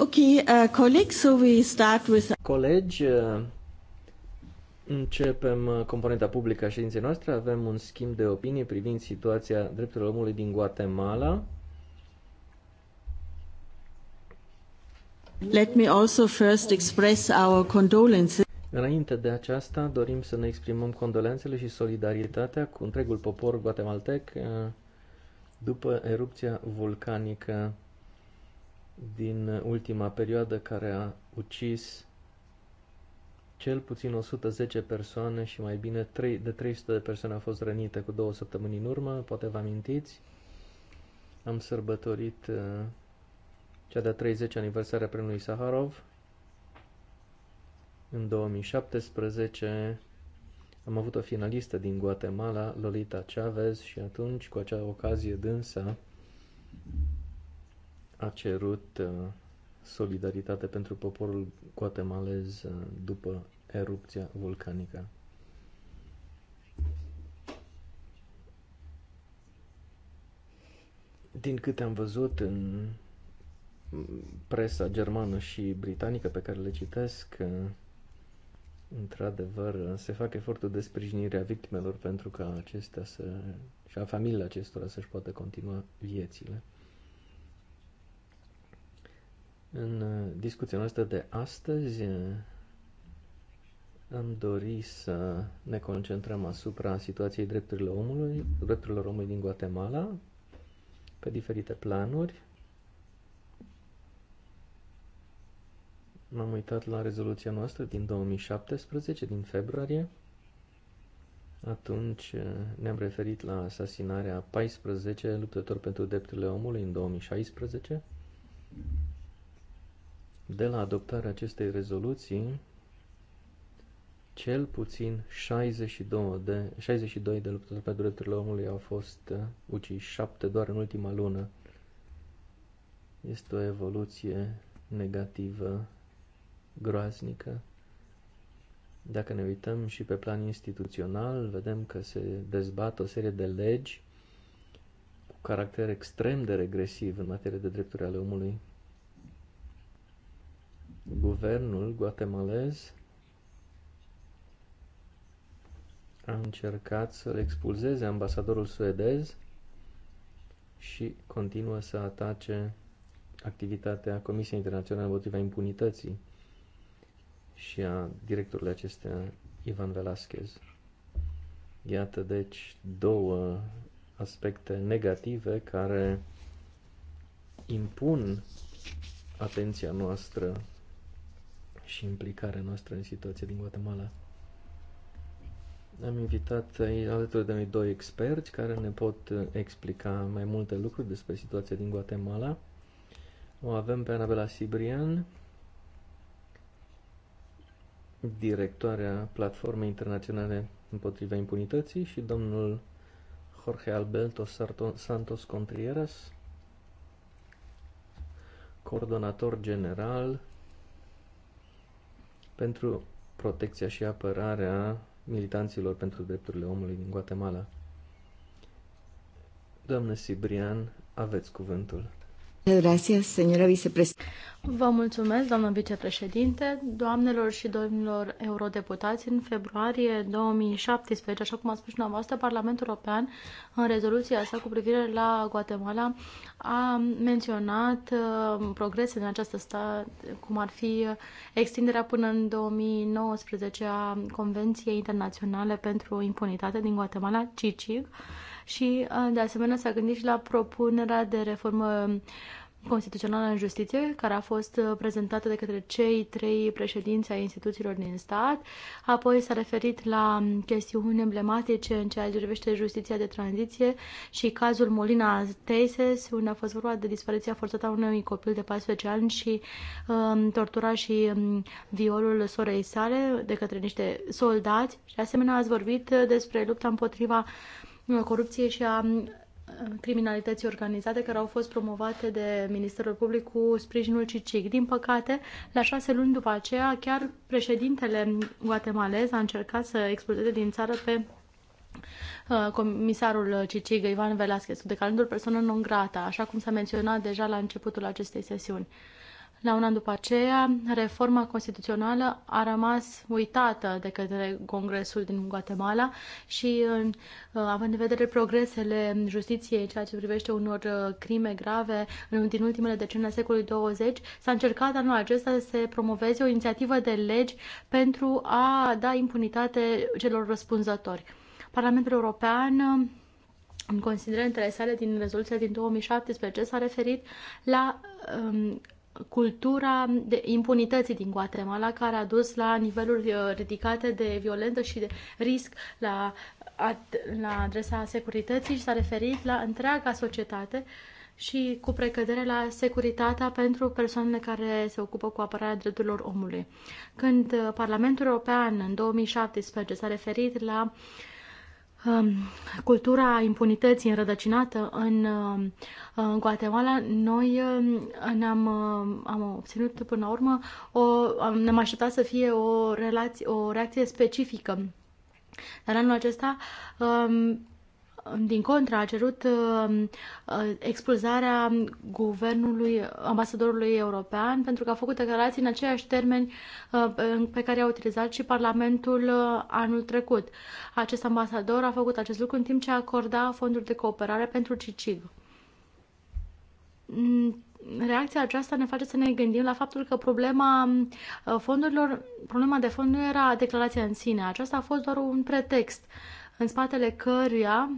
Okay, uh, colleagues, so we start with... Uh, Colegi, uh, începem uh, componenta publică a ședinței noastre. Avem un schimb de opinie privind situația drepturilor omului din Guatemala. Let me also first express our condolences. Înainte de aceasta, dorim să ne exprimăm condolențele și solidaritatea cu întregul popor guatemaltec după erupția vulcanică din ultima perioadă care a ucis cel puțin 110 persoane și mai bine 3, de 300 de persoane au fost rănite cu două săptămâni în urmă, poate vă amintiți. Am sărbătorit uh, cea de-a 30 aniversare a premiului Saharov. În 2017 am avut o finalistă din Guatemala, Lolita Chavez, și atunci, cu acea ocazie dânsa, a cerut uh, solidaritate pentru poporul guatemalez uh, după erupția vulcanică. Din câte am văzut în presa germană și britanică pe care le citesc, uh, într-adevăr, se fac efortul de sprijinire a victimelor pentru ca acestea să, și a familiei acestora să-și poată continua viețile. În uh, discuția noastră de astăzi uh, am dori să ne concentrăm asupra situației drepturilor omului, drepturilor omului din Guatemala, pe diferite planuri. M-am uitat la rezoluția noastră din 2017, din februarie. Atunci uh, ne-am referit la asasinarea 14 luptători pentru drepturile omului în 2016 de la adoptarea acestei rezoluții cel puțin 62 de, 62 de luptători pe drepturile omului au fost uh, uciși, 7 doar în ultima lună. Este o evoluție negativă, groaznică. Dacă ne uităm și pe plan instituțional, vedem că se dezbat o serie de legi cu caracter extrem de regresiv în materie de drepturi ale omului guvernul guatemalez a încercat să-l expulzeze ambasadorul suedez și continuă să atace activitatea Comisiei Internaționale împotriva impunității și a directorului acestea, Ivan Velasquez. Iată, deci, două aspecte negative care impun atenția noastră și implicarea noastră în situația din Guatemala. Am invitat alături de noi doi experți care ne pot uh, explica mai multe lucruri despre situația din Guatemala. O avem pe Anabela Sibrian, directoarea Platformei Internaționale împotriva impunității și domnul Jorge Alberto Santos Contreras, coordonator general pentru protecția și apărarea militanților pentru drepturile omului din Guatemala. Doamnă Sibrian, aveți cuvântul. Vă mulțumesc, doamnă vicepreședinte. Doamnelor și domnilor eurodeputați, în februarie 2017, așa cum a spus dumneavoastră, Parlamentul European, în rezoluția sa cu privire la Guatemala, a menționat uh, progrese în această stat, cum ar fi extinderea până în 2019 a Convenției Internaționale pentru Impunitate din Guatemala, CICIG, și, uh, de asemenea, s-a gândit și la propunerea de reformă constituțională în justiție, care a fost uh, prezentată de către cei trei președinți ai instituțiilor din stat. Apoi s-a referit la chestiuni emblematice în ceea ce privește justiția de tranziție și cazul Molina Teises, unde a fost vorba de dispariția forțată a unui copil de 14 ani și um, tortura și um, violul sorei sale de către niște soldați. Și de asemenea ați vorbit uh, despre lupta împotriva uh, corupție și a mm, criminalității organizate care au fost promovate de Ministerul Public cu sprijinul CICIC. Din păcate, la șase luni după aceea, chiar președintele guatemalez a încercat să explodeze din țară pe uh, comisarul CICIG, Ivan Velasquez, declarându-l persoană non grata, așa cum s-a menționat deja la începutul acestei sesiuni. La un an după aceea, reforma constituțională a rămas uitată de către Congresul din Guatemala și, uh, având în vedere progresele justiției în ceea ce privește unor uh, crime grave din ultimele decenii ale secolului 20, s-a încercat anul acesta să se promoveze o inițiativă de legi pentru a da impunitate celor răspunzători. Parlamentul European în considerentele sale din rezoluția din 2017 s-a referit la um, cultura de impunității din Guatemala, care a dus la niveluri uh, ridicate de violență și de risc la, la adresa securității și s-a referit la întreaga societate și cu precădere la securitatea pentru persoanele care se ocupă cu apărarea drepturilor omului. Când uh, Parlamentul European în 2017 s-a referit la uh, Um, cultura impunității înrădăcinată în, um, în Guatemala, noi um, ne-am am obținut până la urmă, o, ne-am așteptat să fie o, relație, o reacție specifică. Dar anul acesta din contră, a cerut uh, uh, expulzarea guvernului, ambasadorului european, pentru că a făcut declarații în aceiași termeni uh, pe care i-a utilizat și Parlamentul anul trecut. Acest ambasador a făcut acest lucru în timp ce acorda fonduri de cooperare pentru CICIG mm, reacția aceasta ne face să ne gândim la faptul că problema fondurilor, problema de fond nu era declarația în sine, aceasta a fost doar un pretext în spatele căruia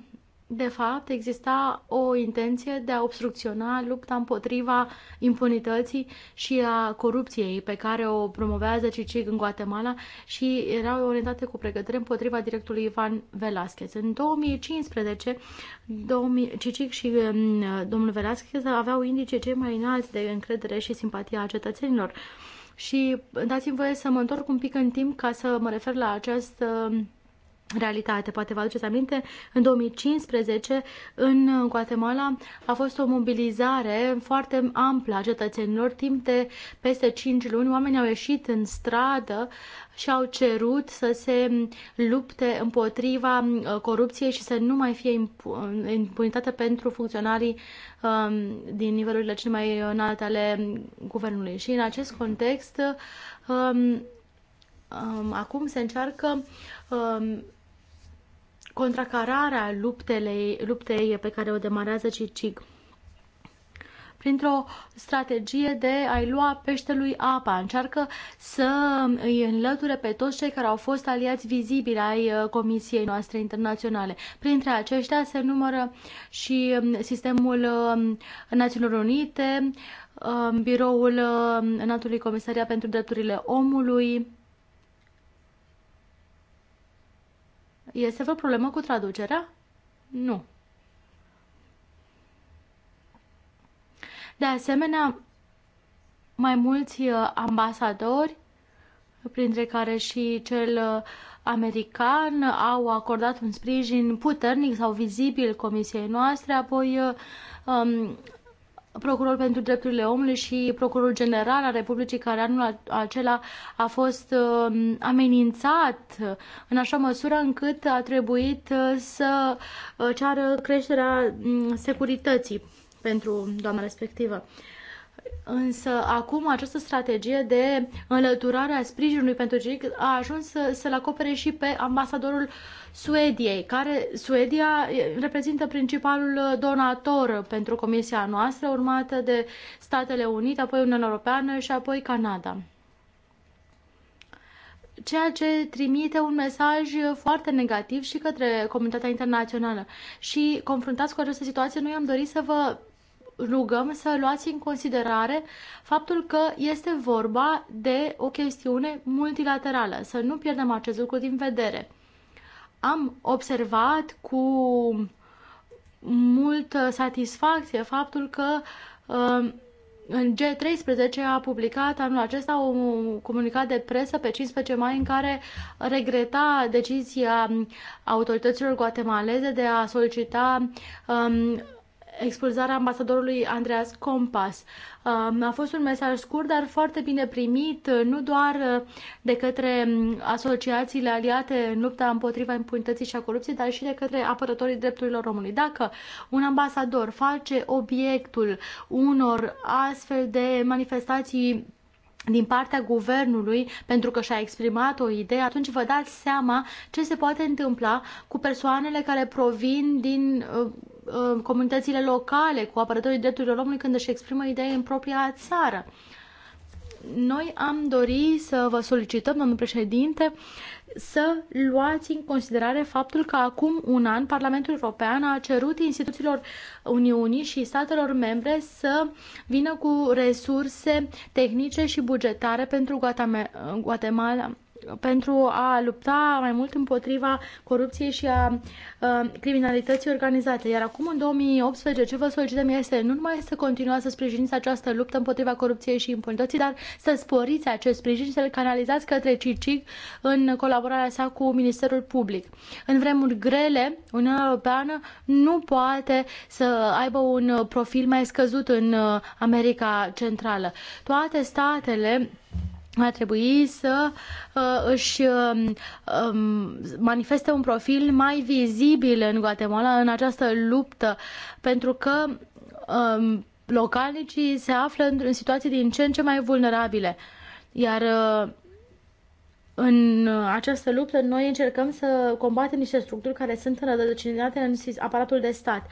de fapt, exista o intenție de a obstrucționa lupta împotriva impunității și a corupției pe care o promovează CICIG în Guatemala și erau orientate cu pregătire împotriva directului Ivan Velasquez. În 2015, CICIG și um, domnul Velasquez aveau indice cei mai înalți de încredere și simpatia a cetățenilor. Și dați-mi voie să mă întorc un pic în timp ca să mă refer la această realitate. Poate vă aduceți aminte, în 2015 în Guatemala a fost o mobilizare foarte amplă a cetățenilor. Timp de peste 5 luni oamenii au ieșit în stradă și au cerut să se lupte împotriva uh, corupției și să nu mai fie uh, impunitate pentru funcționarii um, din nivelurile cele mai înalte ale guvernului. Și în acest context um, um, acum se încearcă contracararea luptelei, luptei pe care o demarează Cicic printr-o strategie de a-i lua peștelui apa. Încearcă să îi înlăture pe toți cei care au fost aliați vizibili ai uh, Comisiei noastre internaționale. Printre aceștia se numără și um, sistemul um, Națiunilor Unite, um, biroul Înaltului Comisariat pentru Drepturile Omului, Este vreo problemă cu traducerea? Nu. De asemenea, mai mulți uh, ambasadori, printre care și cel uh, american, au acordat un sprijin puternic sau vizibil comisiei noastre, apoi uh, um, procuror pentru drepturile omului și procurorul general al Republicii care anul acela a fost um, amenințat în așa măsură încât a trebuit uh, să uh, ceară creșterea mm, securității pentru doamna respectivă. Însă acum această strategie de înlăturare a sprijinului pentru Cic a ajuns să, să-l acopere și pe ambasadorul Suediei, care Suedia reprezintă principalul donator pentru comisia noastră, urmată de Statele Unite, apoi Uniunea Europeană și apoi Canada. Ceea ce trimite un mesaj foarte negativ și către comunitatea internațională. Și confruntați cu această situație, noi am dorit să vă rugăm să luați în considerare faptul că este vorba de o chestiune multilaterală, să nu pierdem acest lucru din vedere. Am observat cu multă satisfacție faptul că um, în G13 a publicat anul acesta un comunicat de presă pe 15 mai în care regreta decizia autorităților guatemaleze de a solicita um, expulzarea ambasadorului Andreas Compas. Um, a fost un mesaj scurt, dar foarte bine primit, uh, nu doar uh, de către um, asociațiile aliate în lupta împotriva impunității și a corupției, dar și de către apărătorii drepturilor omului. Dacă un ambasador face obiectul unor astfel de manifestații din partea guvernului pentru că și-a exprimat o idee, atunci vă dați seama ce se poate întâmpla cu persoanele care provin din uh, Uh, comunitățile locale, cu apărătorii drepturilor omului când își exprimă idei în propria țară. Noi am dorit să vă solicităm, domnul președinte, să luați în considerare faptul că acum un an Parlamentul European a cerut instituțiilor Uniunii și statelor membre să vină cu resurse tehnice și bugetare pentru Guatemala pentru a lupta mai mult împotriva corupției și a, a criminalității organizate. Iar acum, în 2018, ce vă solicităm este nu numai să continuați să sprijiniți această luptă împotriva corupției și impunității, dar să sporiți acest sprijin și să-l canalizați către CICIC în colaborarea sa cu Ministerul Public. În vremuri grele, Uniunea Europeană nu poate să aibă un profil mai scăzut în uh, America Centrală. Toate statele ar trebui să uh, își uh, um, manifeste un profil mai vizibil în Guatemala în această luptă, pentru că um, localnicii se află în, în situații din ce în ce mai vulnerabile. Iar uh, în această luptă noi încercăm să combatem niște structuri care sunt înrădăcinate în aparatul de stat.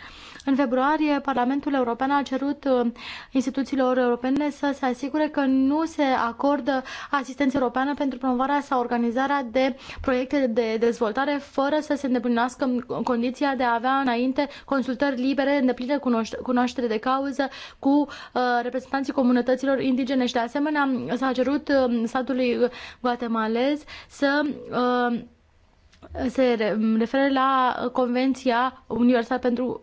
În februarie, Parlamentul European a cerut uh, instituțiilor europene să se asigure că nu se acordă asistență europeană pentru promovarea sau organizarea de proiecte de dezvoltare fără să se îndeplinească condiția de a avea înainte consultări libere, îndeplină cunoaștere de cauză cu uh, reprezentanții comunităților indigene și de asemenea s-a cerut uh, statului guatemalez citez, să uh, se referă la Convenția Universală pentru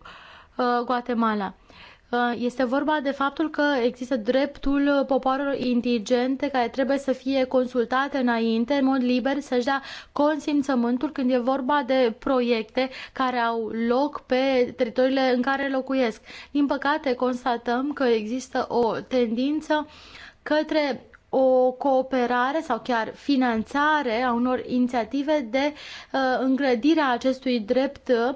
uh, Guatemala. Uh, este vorba de faptul că există dreptul popoarelor indigente care trebuie să fie consultate înainte, în mod liber, să-și dea consimțământul când e vorba de proiecte care au loc pe teritoriile în care locuiesc. Din păcate, constatăm că există o tendință către o cooperare sau chiar finanțare a unor inițiative de uh, îngrădire a acestui drept uh,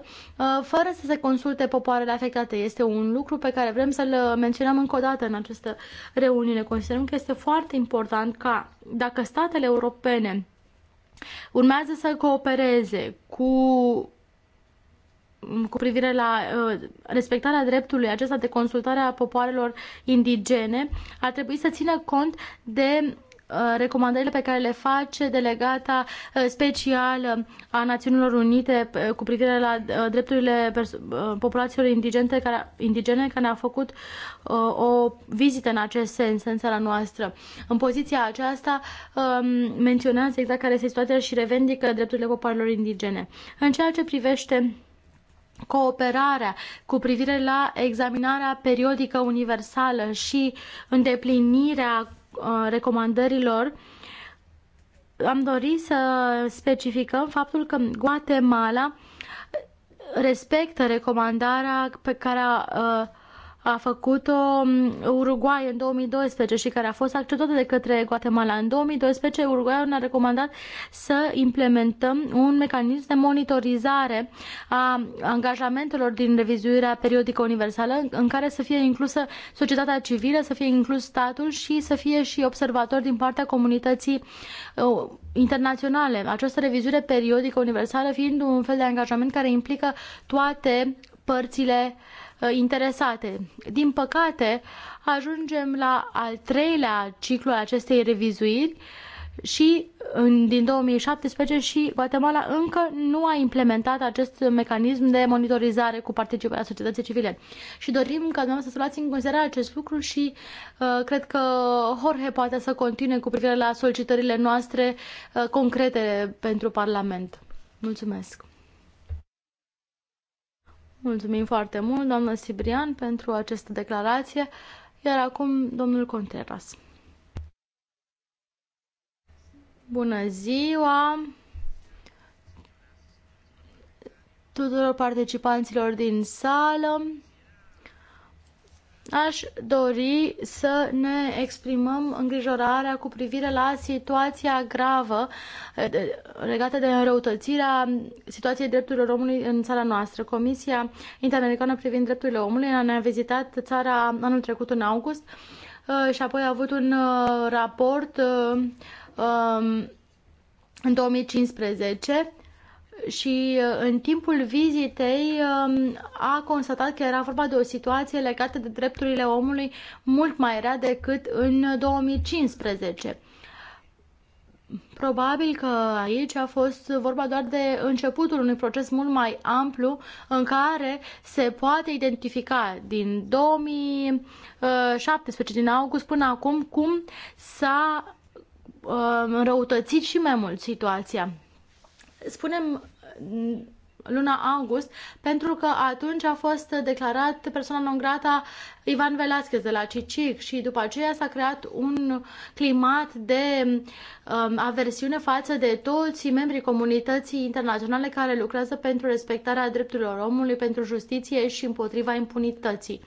fără să se consulte popoarele afectate. Este un lucru pe care vrem să-l menționăm încă o dată în această reuniune. Considerăm că este foarte important ca dacă statele europene urmează să coopereze cu cu privire la uh, respectarea dreptului acesta de consultare a popoarelor indigene ar trebui să țină cont de uh, recomandările pe care le face delegata uh, specială a Națiunilor Unite cu privire la drepturile populațiilor indigene care, indigene care a făcut o vizită în acest sens în țara noastră. În poziția aceasta um, menționează exact care este situația și revendică drepturile popoarelor indigene. În ceea ce privește cooperarea cu privire la examinarea periodică universală și îndeplinirea uh, recomandărilor, am dorit să specificăm faptul că Guatemala respectă recomandarea pe care a uh, a făcut-o um, Uruguay în 2012 și care a fost acceptată de către Guatemala. În 2012, Uruguay ne-a recomandat să implementăm un mecanism de monitorizare a angajamentelor din revizuirea periodică universală în care să fie inclusă societatea civilă, să fie inclus statul și să fie și observator din partea comunității uh, internaționale. Această revizuire periodică universală fiind un fel de angajament care implică toate părțile uh, Uh, interesate. Din păcate, ajungem la al treilea ciclu al acestei revizuiri și în, din 2017 și Guatemala încă nu a implementat acest mecanism de monitorizare cu participarea societății civile. Și dorim ca dumneavoastră să luați în considerare acest lucru și uh, cred că Jorge poate să continue cu privire la solicitările noastre uh, concrete pentru Parlament. Mulțumesc! Mulțumim foarte mult, doamnă Sibrian, pentru această declarație. Iar acum, domnul Contreras. Bună ziua tuturor participanților din sală aș dori să ne exprimăm îngrijorarea cu privire la situația gravă eh, legată de înrăutățirea situației drepturilor omului în țara noastră. Comisia Interamericană privind drepturile omului ne-a vizitat țara anul trecut în august eh, și apoi a avut un eh, raport um, în 2015 și uh, în timpul vizitei um, a constatat că era vorba de o situație legată de drepturile omului mult mai rea decât în 2015. Probabil că aici a fost vorba doar de începutul unui proces mult mai amplu în care se poate identifica din 2017, din august până acum, cum s-a uh, înrăutățit și mai mult situația spunem mm, luna august, pentru că atunci a fost declarat persoana non grata Ivan Velasquez de la Cicic și după aceea s-a creat un climat de um, aversiune față de toți membrii comunității internaționale care lucrează pentru respectarea drepturilor omului, pentru justiție și împotriva impunității.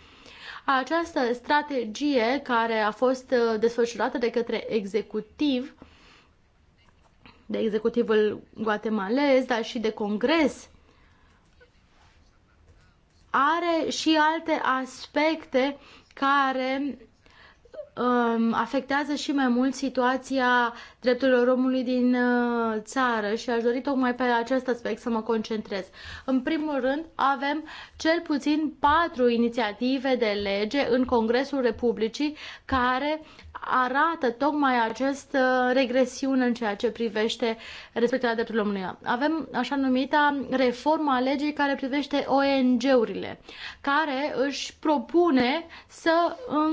Această strategie care a fost uh, desfășurată de către executiv uh, de executivul guatemalez, dar și de congres, are și alte aspecte care um, afectează și mai mult situația drepturilor omului din uh, țară și aș dori tocmai pe acest aspect să mă concentrez. În primul rând, avem cel puțin patru inițiative de lege în Congresul Republicii care arată tocmai această regresiune în ceea ce privește respectarea drepturilor omului. Avem așa numita reforma legii care privește ONG-urile, care își propune să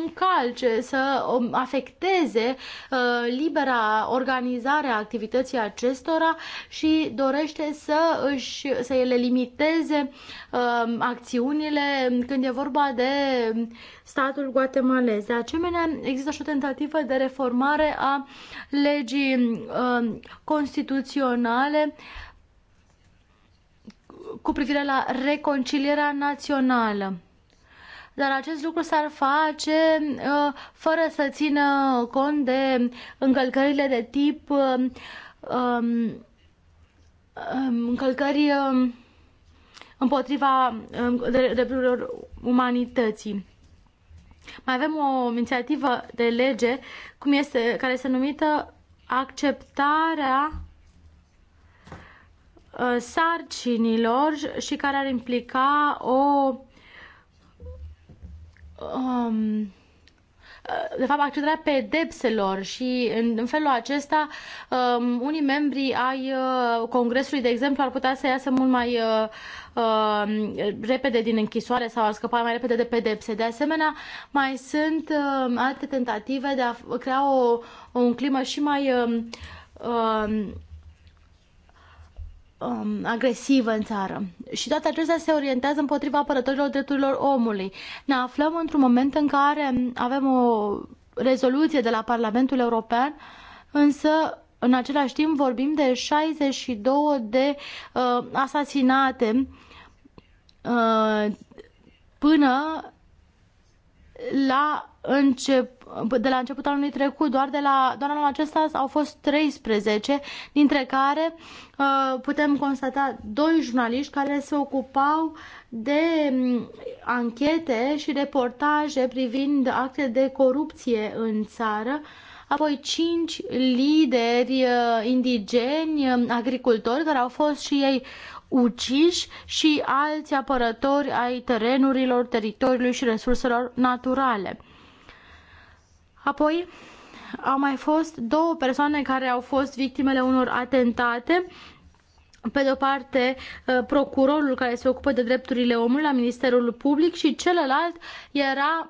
încalce, să afecteze uh, libera organizare a activității acestora și dorește să, își, să le limiteze um, acțiunile când e vorba de statul guatemalez. De asemenea, există și o tentativă de reformare a legii um, constituționale cu privire la reconcilierea națională dar acest lucru s-ar face uh, fără să țină cont de încălcările de tip uh, um, um, încălcări um, împotriva drepturilor umanității. Mai avem o inițiativă de lege cum este, care este numită acceptarea uh, sarcinilor și care ar implica o um, de fapt, accederea pedepselor și în, felul acesta um, unii membri ai uh, Congresului, de exemplu, ar putea să iasă mult mai uh, uh, repede din închisoare sau ar scăpa mai repede de pedepse. De asemenea, mai sunt uh, alte tentative de a crea o, un climă și mai uh, uh, um, agresivă în țară. Și toate acestea se orientează împotriva apărătorilor drepturilor omului. Ne aflăm într-un moment în care avem o rezoluție de la Parlamentul European, însă în același timp vorbim de 62 de uh, asasinate uh, până la încep, de la începutul anului trecut, doar, de la, doar anul acesta au fost 13, dintre care uh, putem constata doi jurnaliști care se ocupau de mm, anchete și reportaje privind acte de corupție în țară, apoi cinci lideri uh, indigeni, um, agricultori, care au fost și ei uciși și alți apărători ai terenurilor, teritoriului și resurselor naturale. Apoi au mai fost două persoane care au fost victimele unor atentate pe de o parte uh, procurorul care se ocupă de drepturile omului la Ministerul Public și celălalt era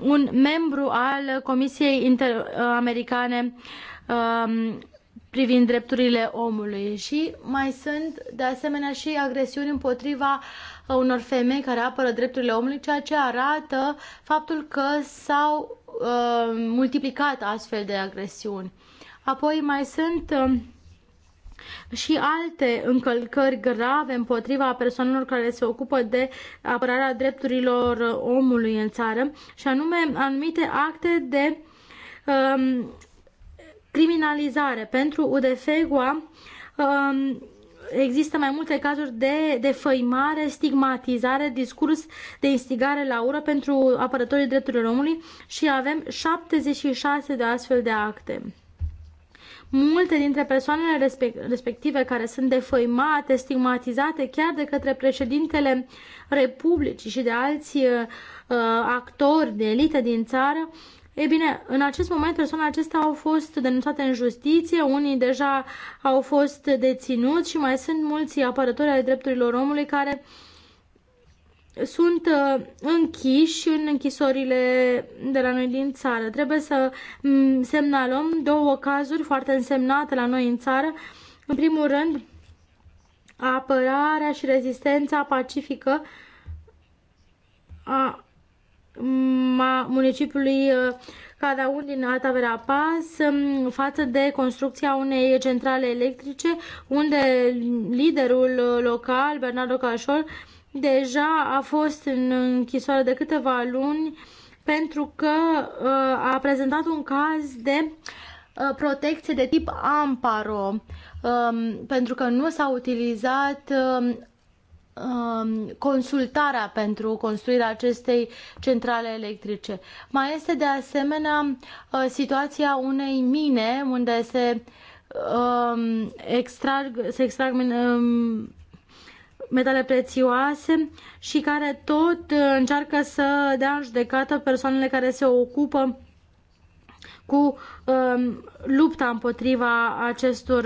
un membru al Comisiei Interamericane uh, um, privind drepturile omului și mai sunt de asemenea și agresiuni împotriva unor femei care apără drepturile omului, ceea ce arată faptul că s-au uh, multiplicat astfel de agresiuni. Apoi mai sunt um, și alte încălcări grave împotriva persoanelor care se ocupă de apărarea drepturilor omului în țară, și anume anumite acte de um, criminalizare. Pentru UDFEGUA um, există mai multe cazuri de defăimare, stigmatizare, discurs de instigare la ură pentru apărătorii drepturilor omului și avem 76 de astfel de acte. Multe dintre persoanele respective care sunt defăimate, stigmatizate chiar de către președintele Republicii și de alți uh, actori de elită din țară uh, E bine, în acest moment persoanele acestea au fost denunțate în justiție, unii deja au fost deținuți și mai sunt mulți apărători ale drepturilor omului care sunt uh, închiși în închisorile de la noi din țară. Trebuie să mm, semnalăm două cazuri foarte însemnate la noi în țară. În primul rând, apărarea și rezistența pacifică a municipiului uh, Cadaun din Alta Verapaz um, față de construcția unei centrale electrice unde liderul uh, local, Bernardo Cașol, deja a fost în închisoare de câteva luni pentru că uh, a prezentat un caz de protecție de tip amparo, um, pentru că nu s-a utilizat um, Um, consultarea pentru construirea acestei centrale electrice. Mai este de asemenea uh, situația unei mine unde se um, extrag, se extrag um, metale prețioase și care tot uh, încearcă să dea în judecată persoanele care se ocupă cu lupta împotriva acestor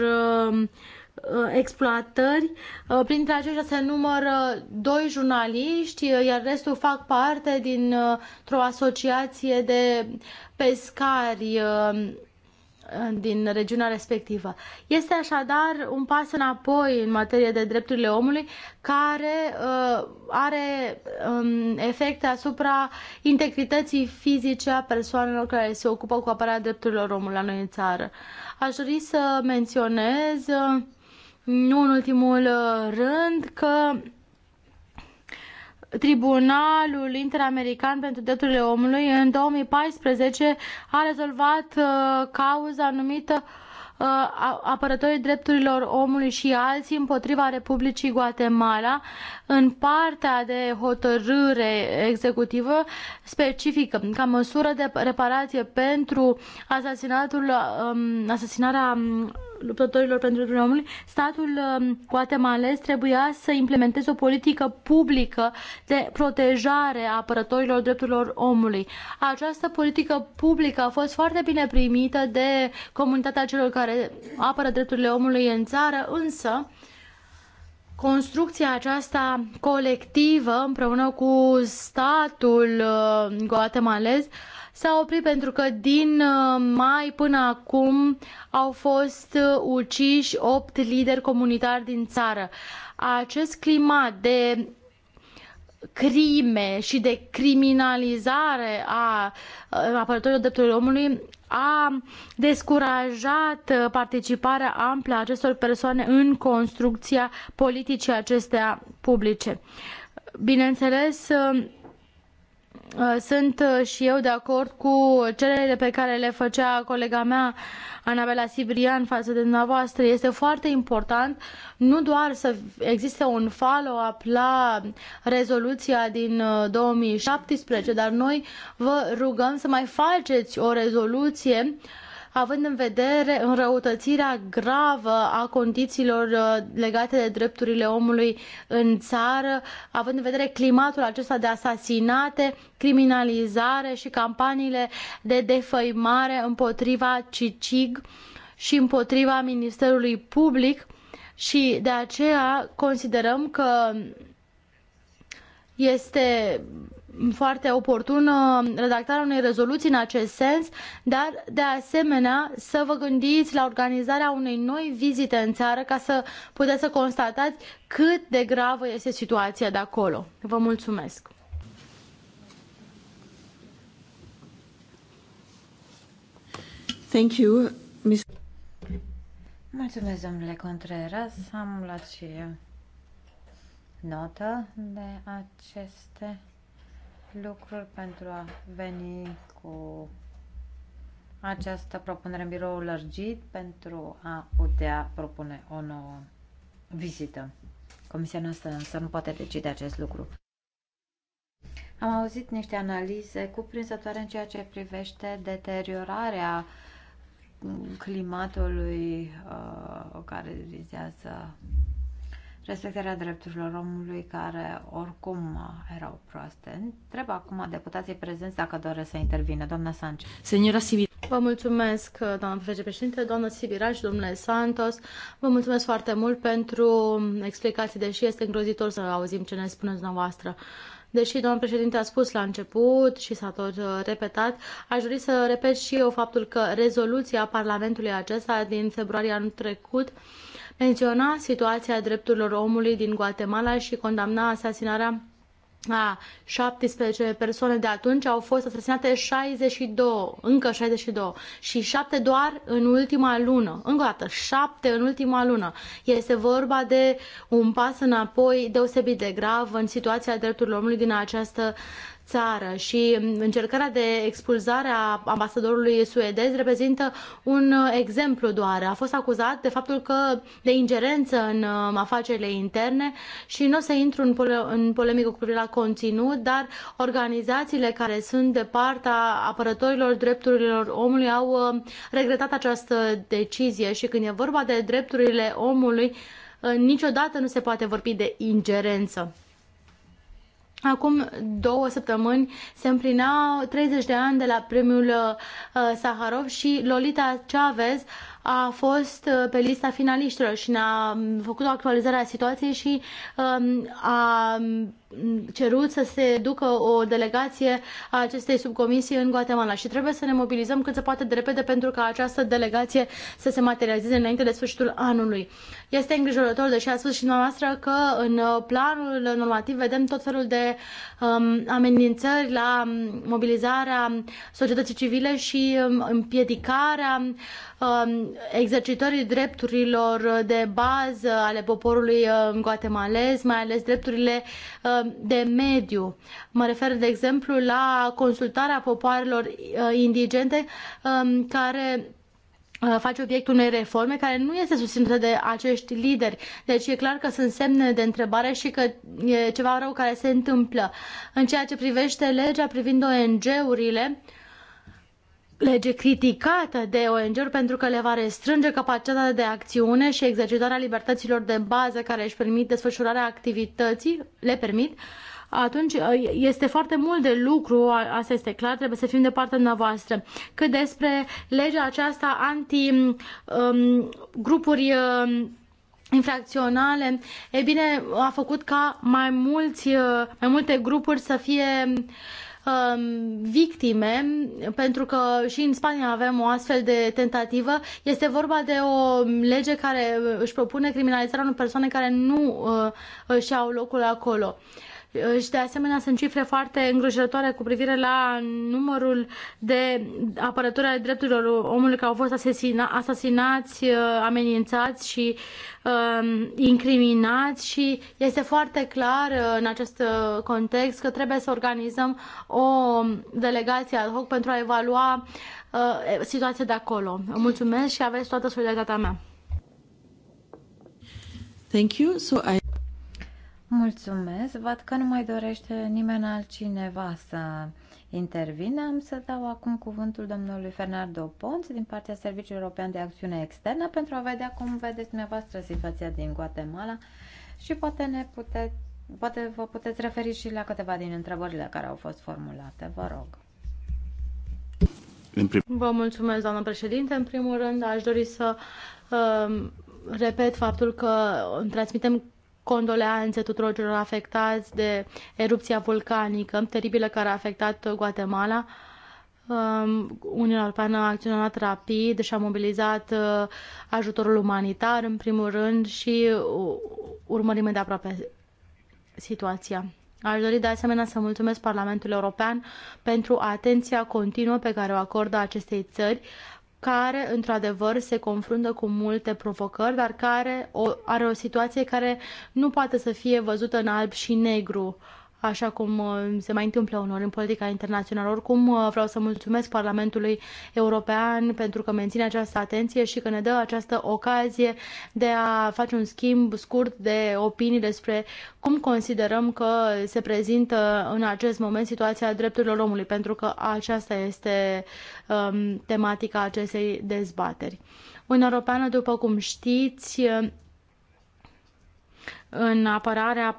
Uh, exploatări. Uh, printre aceștia se numără doi jurnaliști, uh, iar restul fac parte dintr-o asociație de pescari din regiunea respectivă. Este așadar un pas înapoi în materie de drepturile omului care uh, are um, efecte asupra integrității fizice a persoanelor care se ocupă cu apărarea drepturilor omului la noi în țară. Aș dori să menționez uh, nu în ultimul uh, rând că Tribunalul Interamerican pentru Drepturile Omului în 2014 a rezolvat uh, cauza numită uh, apărătorii drepturilor omului și alții împotriva Republicii Guatemala în partea de hotărâre executivă specifică, ca măsură de reparație pentru asasinatul, um, asasinarea um, luptătorilor pentru drepturile omului, statul um, guatemalez trebuia să implementeze o politică publică de protejare a apărătorilor drepturilor omului. Această politică publică a fost foarte bine primită de comunitatea celor care apără drepturile omului în țară, însă construcția aceasta colectivă împreună cu statul uh, guatemalez s-a oprit pentru că din uh, mai până acum au fost uh, uciși opt lideri comunitari din țară. Acest climat de crime și de criminalizare a apărătorilor drepturilor omului a descurajat uh, participarea amplă a acestor persoane în construcția politicii acestea publice. Bineînțeles, uh, Uh, sunt uh, și eu de acord cu cererile pe care le făcea colega mea, Anabela Sibrian, față de dumneavoastră. Este foarte important nu doar să existe un follow-up la rezoluția din 2017, uh, dar noi vă rugăm să mai faceți o rezoluție uh, având în vedere înrăutățirea gravă a condițiilor uh, legate de drepturile omului în țară, având în vedere climatul acesta de asasinate, criminalizare și campaniile de defăimare împotriva CICIG și împotriva Ministerului Public și de aceea considerăm că este foarte oportună redactarea unei rezoluții în acest sens, dar de asemenea să vă gândiți la organizarea unei noi vizite în țară ca să puteți să constatați cât de gravă este situația de acolo. Vă mulțumesc! Thank you, Ms. Mulțumesc, domnule Contreras. Am luat și notă de aceste lucruri pentru a veni cu această propunere în birou lărgit pentru a putea propune o nouă vizită. Comisia noastră însă nu poate decide acest lucru. Am auzit niște analize cuprinzătoare în ceea ce privește deteriorarea climatului uh, care vizează respectarea drepturilor omului care oricum erau proaste. Întreb acum deputații prezenți dacă doresc să intervină. Doamna Sanchez. Senora Sibir. Vă mulțumesc, doamna vicepreședinte, doamna și domnule Santos. Vă mulțumesc foarte mult pentru explicații, deși este îngrozitor să auzim ce ne spuneți dumneavoastră. Deși domnul președinte a spus la început și s-a tot repetat, aș dori să repet și eu faptul că rezoluția Parlamentului acesta din februarie anul trecut menționa situația drepturilor omului din Guatemala și condamna asasinarea a 17 persoane de atunci au fost asasinate 62, încă 62 și 7 doar în ultima lună. Încă o dată, 7 în ultima lună. Este vorba de un pas înapoi deosebit de grav în situația drepturilor omului din această țară și încercarea de expulzare a ambasadorului suedez reprezintă un exemplu doar. A fost acuzat de faptul că de ingerență în um, afacerile interne și nu o să intru în, pole- în polemică cu privire la conținut, dar organizațiile care sunt de partea apărătorilor drepturilor omului au um, regretat această decizie și când e vorba de drepturile omului, uh, niciodată nu se poate vorbi de ingerență. Acum două săptămâni se împlineau 30 de ani de la premiul uh, Saharov și Lolita Chavez a fost uh, pe lista finaliștilor și ne-a um, făcut o actualizare a situației și um, a cerut să se ducă o delegație a acestei subcomisii în Guatemala și trebuie să ne mobilizăm cât se poate de repede pentru ca această delegație să se materializeze înainte de sfârșitul anului. Este îngrijorător, deși a spus și noastră, că în planul normativ vedem tot felul de um, amenințări la mobilizarea societății civile și um, împiedicarea um, exercitării drepturilor de bază ale poporului uh, guatemalez, mai ales drepturile um, de mediu. Mă refer, de exemplu, la consultarea popoarelor uh, indigente um, care uh, face obiectul unei reforme care nu este susținută de acești lideri. Deci e clar că sunt semne de întrebare și că e ceva rău care se întâmplă. În ceea ce privește legea privind ONG-urile, uh, lege criticată de ONG-uri pentru că le va restrânge capacitatea de acțiune și exercitarea libertăților de bază care își permit desfășurarea activității, le permit, atunci ă, este foarte mult de lucru, asta este clar, trebuie să fim de partea dumneavoastră. Cât despre legea aceasta anti-grupuri um, um, infracționale, e bine, a făcut ca mai, mulți, ă, mai multe grupuri să fie uh, Um, victime, pentru că și în Spania avem o astfel de tentativă. Este vorba de o lege care își propune criminalizarea unor persoane care nu uh, și au locul acolo. Uh, și de asemenea sunt cifre foarte îngrijorătoare cu privire la numărul de apărători ale drepturilor omului care au fost asasina, asasinați, uh, amenințați și um, incriminați și este foarte clar uh, în acest uh, context că trebuie să organizăm o delegație ad hoc pentru a evalua situația de acolo. Mulțumesc și aveți toată solidaritatea mea. Thank you. So I... Mulțumesc. Văd că nu mai dorește nimeni altcineva să intervine. Am să dau acum cuvântul domnului Fernando Ponț din partea Serviciului European de Acțiune Externă pentru a vedea cum vedeți dumneavoastră situația din Guatemala și poate ne puteți Poate vă puteți referi și la câteva din întrebările care au fost formulate. Vă rog. Vă mulțumesc, doamnă președinte. În primul rând, aș dori să uh, repet faptul că transmitem condoleanțe tuturor celor afectați de erupția vulcanică teribilă care a afectat Guatemala. Um, Uniunea Europeană a acționat rapid și a mobilizat uh, ajutorul umanitar, în primul rând, și uh, urmărim de aproape situația. Aș dori de asemenea să mulțumesc Parlamentului European pentru atenția continuă pe care o acordă acestei țări, care, într-adevăr, se confruntă cu multe provocări, dar care o, are o situație care nu poate să fie văzută în alb și negru. Uh, așa cum uh, se mai întâmplă unor în politica internațională. Oricum, uh, vreau să mulțumesc Parlamentului European pentru că menține această atenție și că ne dă această ocazie de a face un schimb scurt de opinii despre cum considerăm că se prezintă în acest moment situația drepturilor omului, pentru că aceasta este um, tematica acestei dezbateri. În Europeană, după cum știți, în apărarea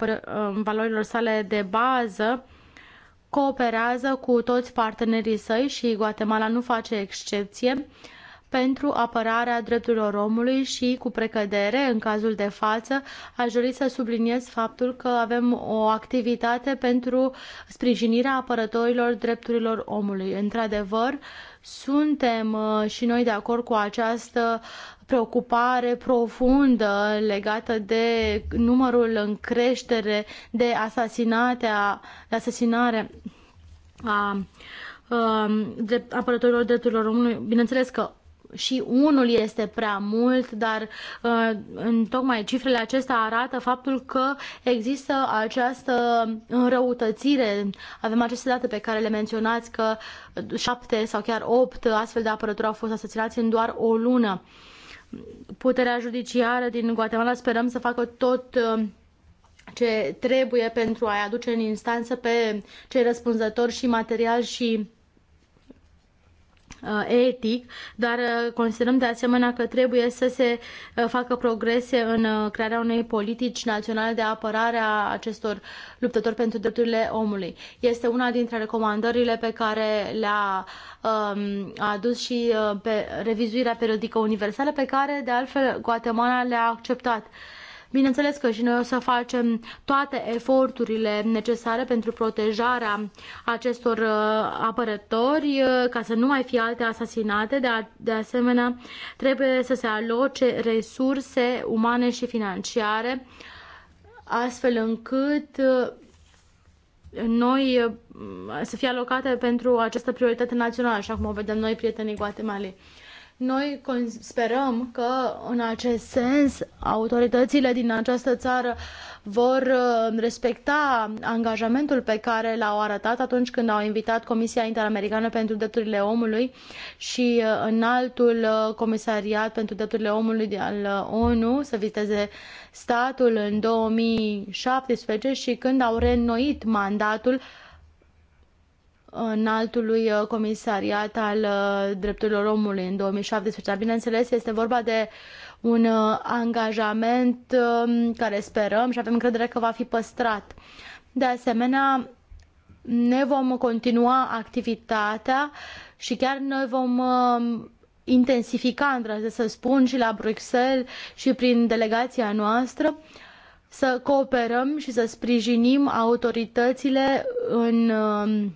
valorilor sale de bază, cooperează cu toți partenerii săi și Guatemala nu face excepție pentru apărarea drepturilor omului și cu precădere în cazul de față aș dori să subliniez faptul că avem o activitate pentru sprijinirea apărătorilor drepturilor omului. Într-adevăr, uh, suntem uh, și noi de acord cu această preocupare profundă legată de numărul în creștere de asasinate, a, de asasinare a, a um, apărătorilor drepturilor omului. Bineînțeles că și unul este prea mult, dar uh, în tocmai cifrele acestea arată faptul că există această înrăutățire. Avem aceste date pe care le menționați că șapte sau chiar opt astfel de apărături au fost asesinați în doar o lună. Puterea judiciară din Guatemala sperăm să facă tot uh, ce trebuie pentru a-i aduce în instanță pe cei răspunzători și material și Uh, etic, dar uh, considerăm de asemenea că trebuie să se uh, facă progrese în crearea unei politici naționale de apărare a acestor luptători pentru drepturile omului. Este una dintre recomandările pe care le-a um, adus și pe revizuirea periodică universală pe care, de altfel, Guatemala le-a acceptat. Uh, Bineînțeles că și noi o să facem toate eforturile necesare pentru protejarea acestor uh, apărători uh, ca să nu mai fie alte asasinate. De, a, de asemenea, trebuie să se aloce resurse umane și financiare astfel încât uh, noi să fie alocate pentru această prioritate națională, așa cum o vedem noi, prietenii Guatemalei. Noi sperăm că, în acest sens, autoritățile din această țară vor uh, respecta angajamentul pe care l-au arătat atunci când au invitat Comisia Interamericană pentru Drepturile Omului și uh, înaltul uh, comisariat pentru drepturile omului al ONU să viteze statul în 2017 și când au reînnoit mandatul înaltului uh, comisariat al uh, drepturilor omului în 2017. Dar, bineînțeles, este vorba de un uh, angajament um, care sperăm și avem încredere că va fi păstrat. De asemenea, ne vom continua activitatea și chiar noi vom um, intensifica, îndrăznesc să spun, și la Bruxelles și prin delegația noastră, să cooperăm și să sprijinim autoritățile în um,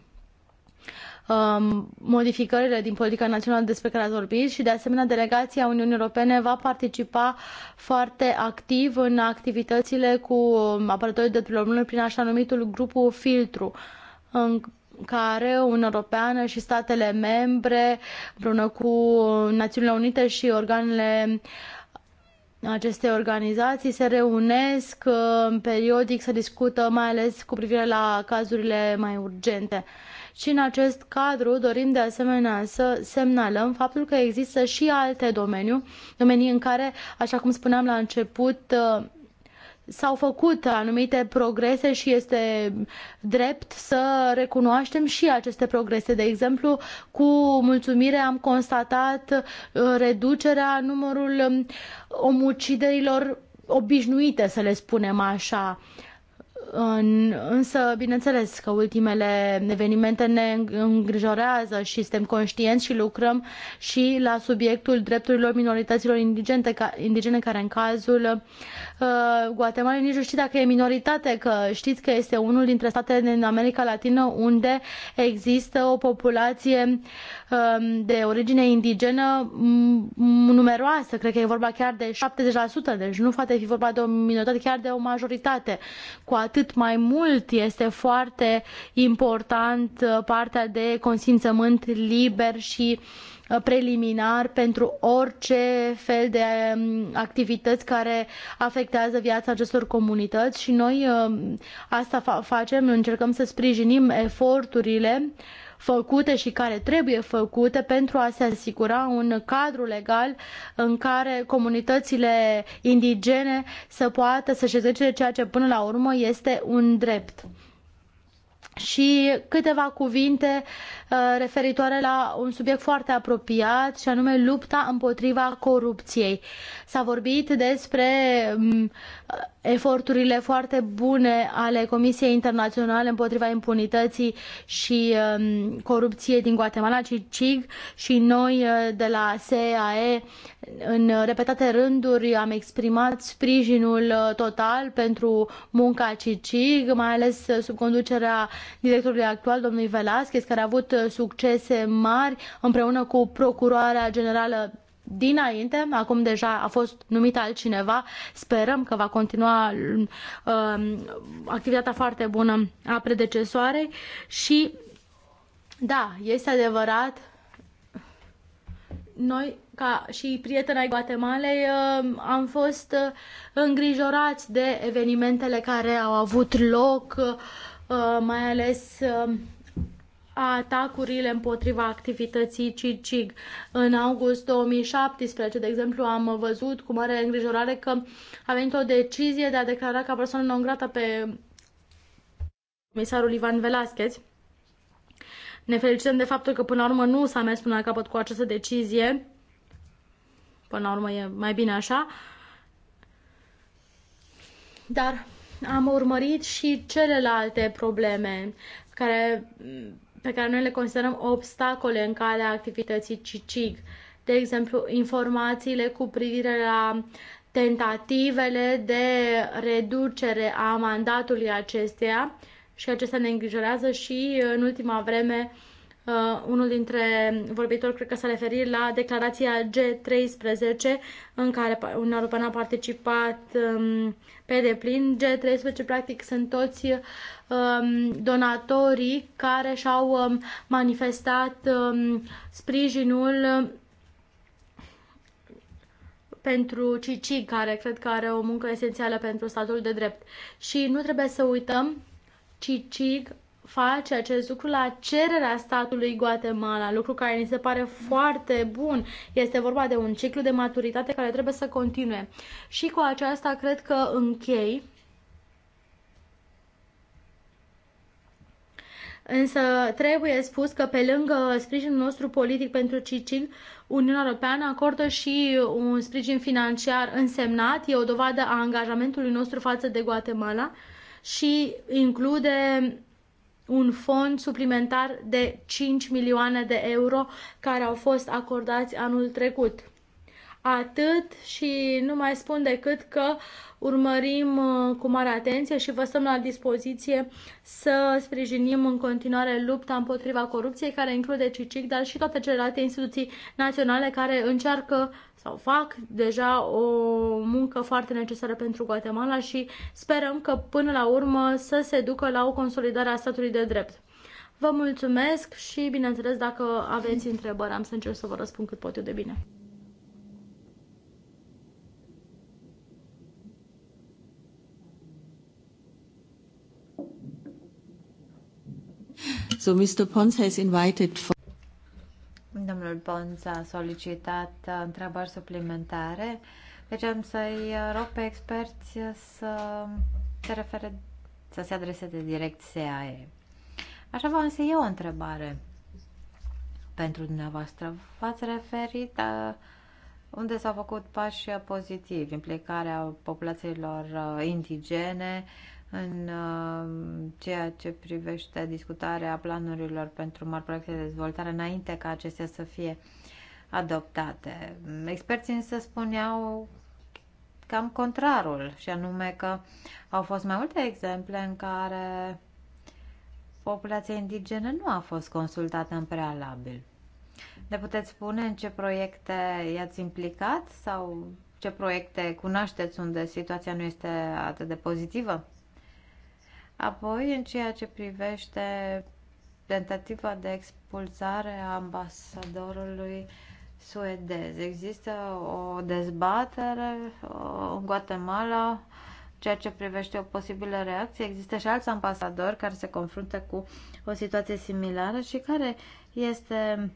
um, modificările din politica națională despre care ați vorbit și de asemenea delegația Uniunii Europene va participa foarte activ în activitățile cu um, apărătorii drepturilor omului prin așa numitul grupul filtru în care Uniunea Europeană și statele membre împreună cu Națiunile Unite și organele aceste organizații se reunesc um, periodic să discută mai ales cu privire la cazurile mai urgente. Și în acest cadru dorim de asemenea să semnalăm faptul că există și alte domeniu, domenii în care, așa cum spuneam la început, uh, s-au făcut anumite progrese și este drept să recunoaștem și aceste progrese. De exemplu, cu mulțumire am constatat uh, reducerea numărul um, omuciderilor obișnuite, să le spunem așa. Însă, bineînțeles că ultimele evenimente ne îngrijorează și suntem conștienți și lucrăm și la subiectul drepturilor minorităților indigente, indigene, care în cazul uh, Guatemala nici nu știu dacă e minoritate, că știți că este unul dintre statele din America Latină unde există o populație uh, de origine indigenă numeroasă, cred că e vorba chiar de 70%, deci nu poate fi vorba de o minoritate, chiar de o majoritate, cu atât cât mai mult este foarte important uh, partea de consimțământ liber și uh, preliminar pentru orice fel de um, activități care afectează viața acestor comunități și noi um, asta facem, încercăm să sprijinim eforturile uh, făcute și care trebuie făcute pentru a se asigura un cadru legal în care comunitățile indigene să poată să-și exercite ceea ce până la urmă este un drept și câteva cuvinte uh, referitoare la un subiect foarte apropiat și anume lupta împotriva corupției. S-a vorbit despre mm, eforturile foarte bune ale Comisiei Internaționale împotriva impunității și um, corupției din Guatemala, CICIG, și noi uh, de la SEAE, în repetate rânduri am exprimat sprijinul uh, total pentru munca CICIG, mai ales uh, sub conducerea directorului actual, domnului Velasquez, care a avut succese mari împreună cu procuroarea generală dinainte, acum deja a fost numit altcineva, sperăm că va continua uh, activitatea foarte bună a predecesoarei și da, este adevărat, noi ca și prietena ai Guatemalei um, am fost uh, îngrijorați de evenimentele care au avut loc, uh, mai ales um, atacurile împotriva activității CICIG. În august 2017, de exemplu, am văzut cu mare îngrijorare că a venit o decizie de a declara ca persoană non grata pe comisarul Ivan Velasquez. Ne felicităm de faptul că până la urmă nu s-a mers până la capăt cu această decizie. Până la urmă e mai bine așa. Dar am urmărit și celelalte probleme care pe care noi le considerăm obstacole în calea activității CICIG. De exemplu, informațiile cu privire la tentativele de reducere a mandatului acesteia și acestea ne îngrijorează și în ultima vreme uh, Uh, unul dintre vorbitori cred că s-a referit la declarația G13 în care Uniunea Europeană a participat um, pe deplin. G13 practic sunt toți um, donatorii care și-au um, manifestat um, sprijinul um, pentru Cici, care cred că are o muncă esențială pentru statul de drept. Și nu trebuie să uităm Cicic face acest lucru la cererea statului Guatemala, lucru care ni se pare foarte bun. Este vorba de un ciclu de maturitate care trebuie să continue. Și cu aceasta cred că închei. Însă trebuie spus că pe lângă sprijinul nostru politic pentru Cicil, Uniunea Europeană acordă și un sprijin financiar însemnat, e o dovadă a angajamentului nostru față de Guatemala și include un fond suplimentar de 5 milioane de euro care au fost acordați anul trecut atât și nu mai spun decât că urmărim uh, cu mare atenție și vă stăm la dispoziție să sprijinim în continuare lupta împotriva corupției, care include CICIC, dar și toate celelalte instituții naționale care încearcă sau fac deja o muncă foarte necesară pentru Guatemala și sperăm că până la urmă să se ducă la o consolidare a statului de drept. Vă mulțumesc și, bineînțeles, dacă aveți întrebări, am să încerc să vă răspund cât pot eu de bine. So Mr. Pons has invited for Domnul Pons a solicitat uh, întrebări suplimentare, deci am să-i uh, rog pe experți uh, să se refere, să se adreseze direct SAE. Așa vă am să eu o întrebare pentru dumneavoastră. V-ați referit a, unde s-au făcut pași pozitivi, implicarea populațiilor indigene, uh, în uh, ceea ce privește discutarea planurilor pentru mari proiecte de dezvoltare înainte ca acestea să fie adoptate. Experții însă spuneau cam contrarul și anume că au fost mai multe exemple în care populația indigenă nu a fost consultată în prealabil. Ne puteți spune în ce proiecte i-ați implicat sau ce proiecte cunoașteți unde situația nu este atât de pozitivă? Apoi, în ceea ce privește tentativa de expulzare a ambasadorului suedez, există o dezbatere în Guatemala ceea ce privește o posibilă reacție. Există și alți ambasadori care se confruntă cu o situație similară și care este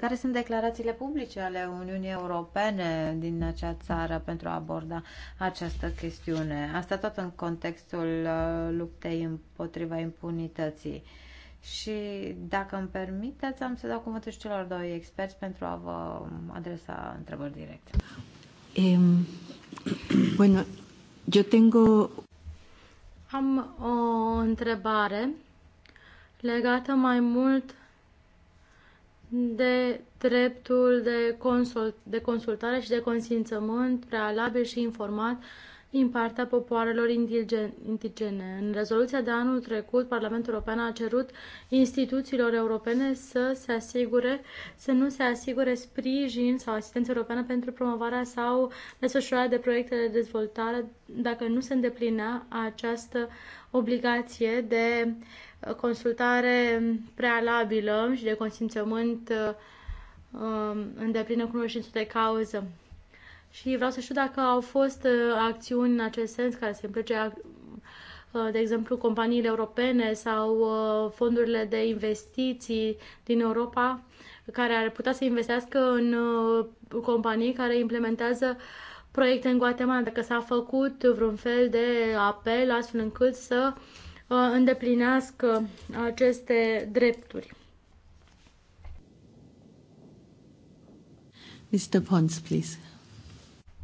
care sunt declarațiile publice ale Uniunii Europene din acea țară pentru a aborda această chestiune? Asta tot în contextul uh, luptei împotriva impunității. Și dacă îmi permiteți, am să dau cuvântul și celor doi experți pentru a vă adresa întrebări directe. Um, bueno, yo tengo... Am o întrebare legată mai mult de dreptul de, consult, de consultare și de consimțământ prealabil și informat din partea popoarelor indigene. În rezoluția de anul trecut, Parlamentul European a cerut instituțiilor europene să se asigure, să nu se asigure sprijin sau asistență europeană pentru promovarea sau desfășurarea de proiecte de dezvoltare dacă nu se îndeplinea această obligație de uh, consultare prealabilă și de consimțământ um, în deplină cunoștință de cauză. Și vreau să știu dacă au fost uh, acțiuni în acest sens care se implice, uh, de exemplu, companiile europene sau uh, fondurile de investiții din Europa care ar putea să investească în companii care implementează proiecte în Guatemala, dacă s-a făcut vreun fel de apel astfel încât să uh, Uh, îndeplinească aceste drepturi. Mr. Pons, please.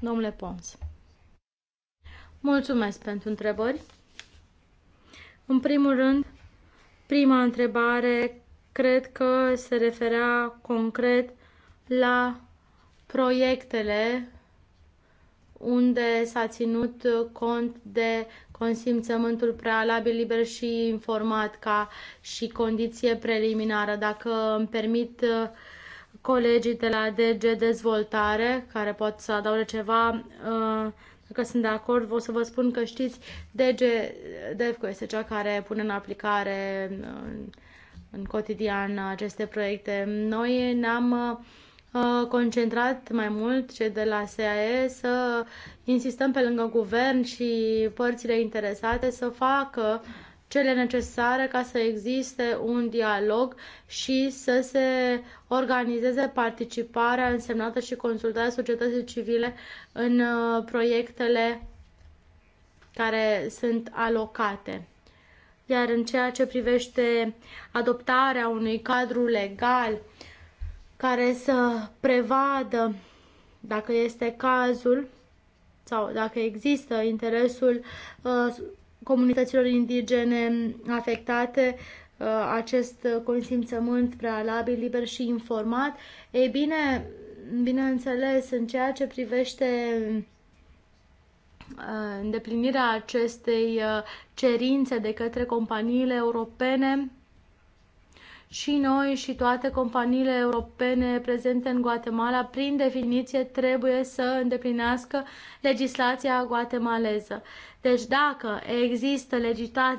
Domnule Pons. Mulțumesc pentru întrebări. În primul rând, prima întrebare cred că se referea concret la proiectele unde s-a ținut cont de consimțământul prealabil liber și informat ca și condiție preliminară. Dacă îmi permit colegii de la DG Dezvoltare, care pot să adaugă ceva, dacă sunt de acord, o să vă spun că știți, DG DEFCO este cea care pune în aplicare în, în cotidian aceste proiecte. Noi ne-am uh, Uh, concentrat mai mult cei de la SAE să insistăm pe lângă guvern și părțile interesate să facă cele necesare ca să existe un dialog și să se organizeze participarea însemnată și consultarea societății civile în uh, proiectele care sunt alocate. Iar în ceea ce privește adoptarea unui cadru legal care să prevadă, dacă este cazul sau dacă există interesul uh, comunităților indigene afectate, uh, acest consimțământ prealabil, liber și informat. Ei bine, bineînțeles, în ceea ce privește uh, îndeplinirea acestei cerințe de către companiile europene, și noi și toate companiile europene prezente în Guatemala, prin definiție, trebuie să îndeplinească legislația guatemaleză. Deci dacă există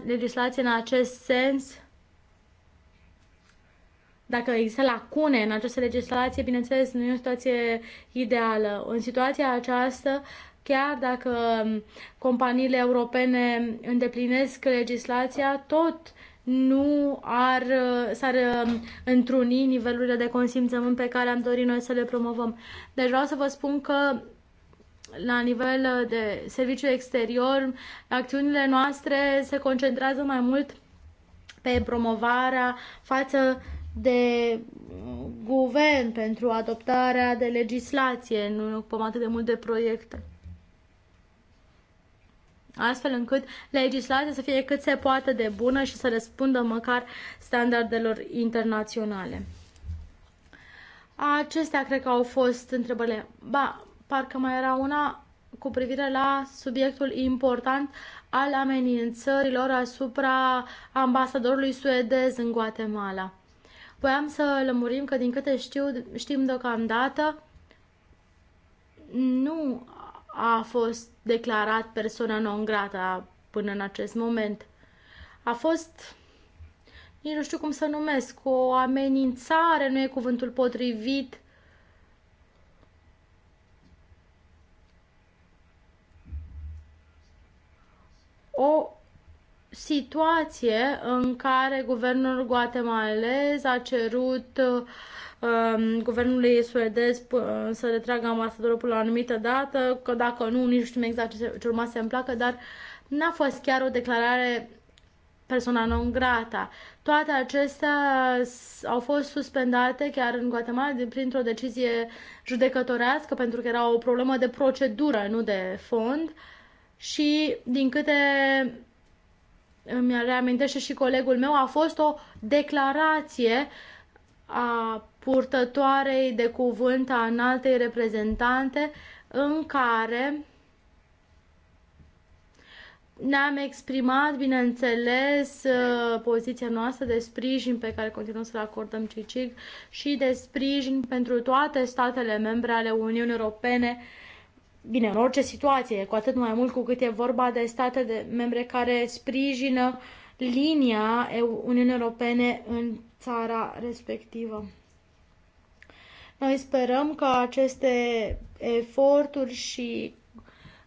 legislație în acest sens, dacă există lacune în această legislație, bineînțeles, nu e o situație ideală. În situația aceasta, chiar dacă companiile europene îndeplinesc legislația, tot uh, nu ar, s-ar uh, întruni nivelurile de consimțământ pe care am dorit noi să le promovăm. Deci vreau să vă spun că la nivel uh, de serviciu exterior, acțiunile noastre se concentrează mai mult pe promovarea față de guvern pentru adoptarea de legislație, nu ocupăm atât de mult de proiecte astfel încât legislația să fie cât se poate de bună și să răspundă măcar standardelor internaționale. Acestea cred că au fost întrebările. Ba, parcă mai era una cu privire la subiectul important al amenințărilor asupra ambasadorului suedez în Guatemala. Voiam să lămurim că, din câte știu, știm deocamdată, nu a fost declarat persoana non grata până în acest moment. A fost, nici nu știu cum să numesc, o amenințare, nu e cuvântul potrivit. O situație în care guvernul guatemalez a cerut uh, Ehm, guvernului suedez să retragă ambasadorul până la o anumită dată, că dacă nu, nici nu știm exact ce urma să placă, dar n-a fost chiar o declarare persoana non grata. Toate acestea au fost suspendate chiar în Guatemala printr-o decizie judecătorească pentru că era o problemă de procedură, nu de fond. Și din câte îmi reamintește și colegul meu, a fost o declarație a purtătoarei de cuvânt a înaltei reprezentante în care ne-am exprimat, bineînțeles, uh, poziția noastră de sprijin pe care continuăm să-l acordăm CICIG și de sprijin pentru toate statele membre ale Uniunii Europene, bine, în orice situație, cu atât mai mult cu cât e vorba de state de membre care sprijină linia Uniunii Europene în țara respectivă. Noi sperăm că aceste eforturi și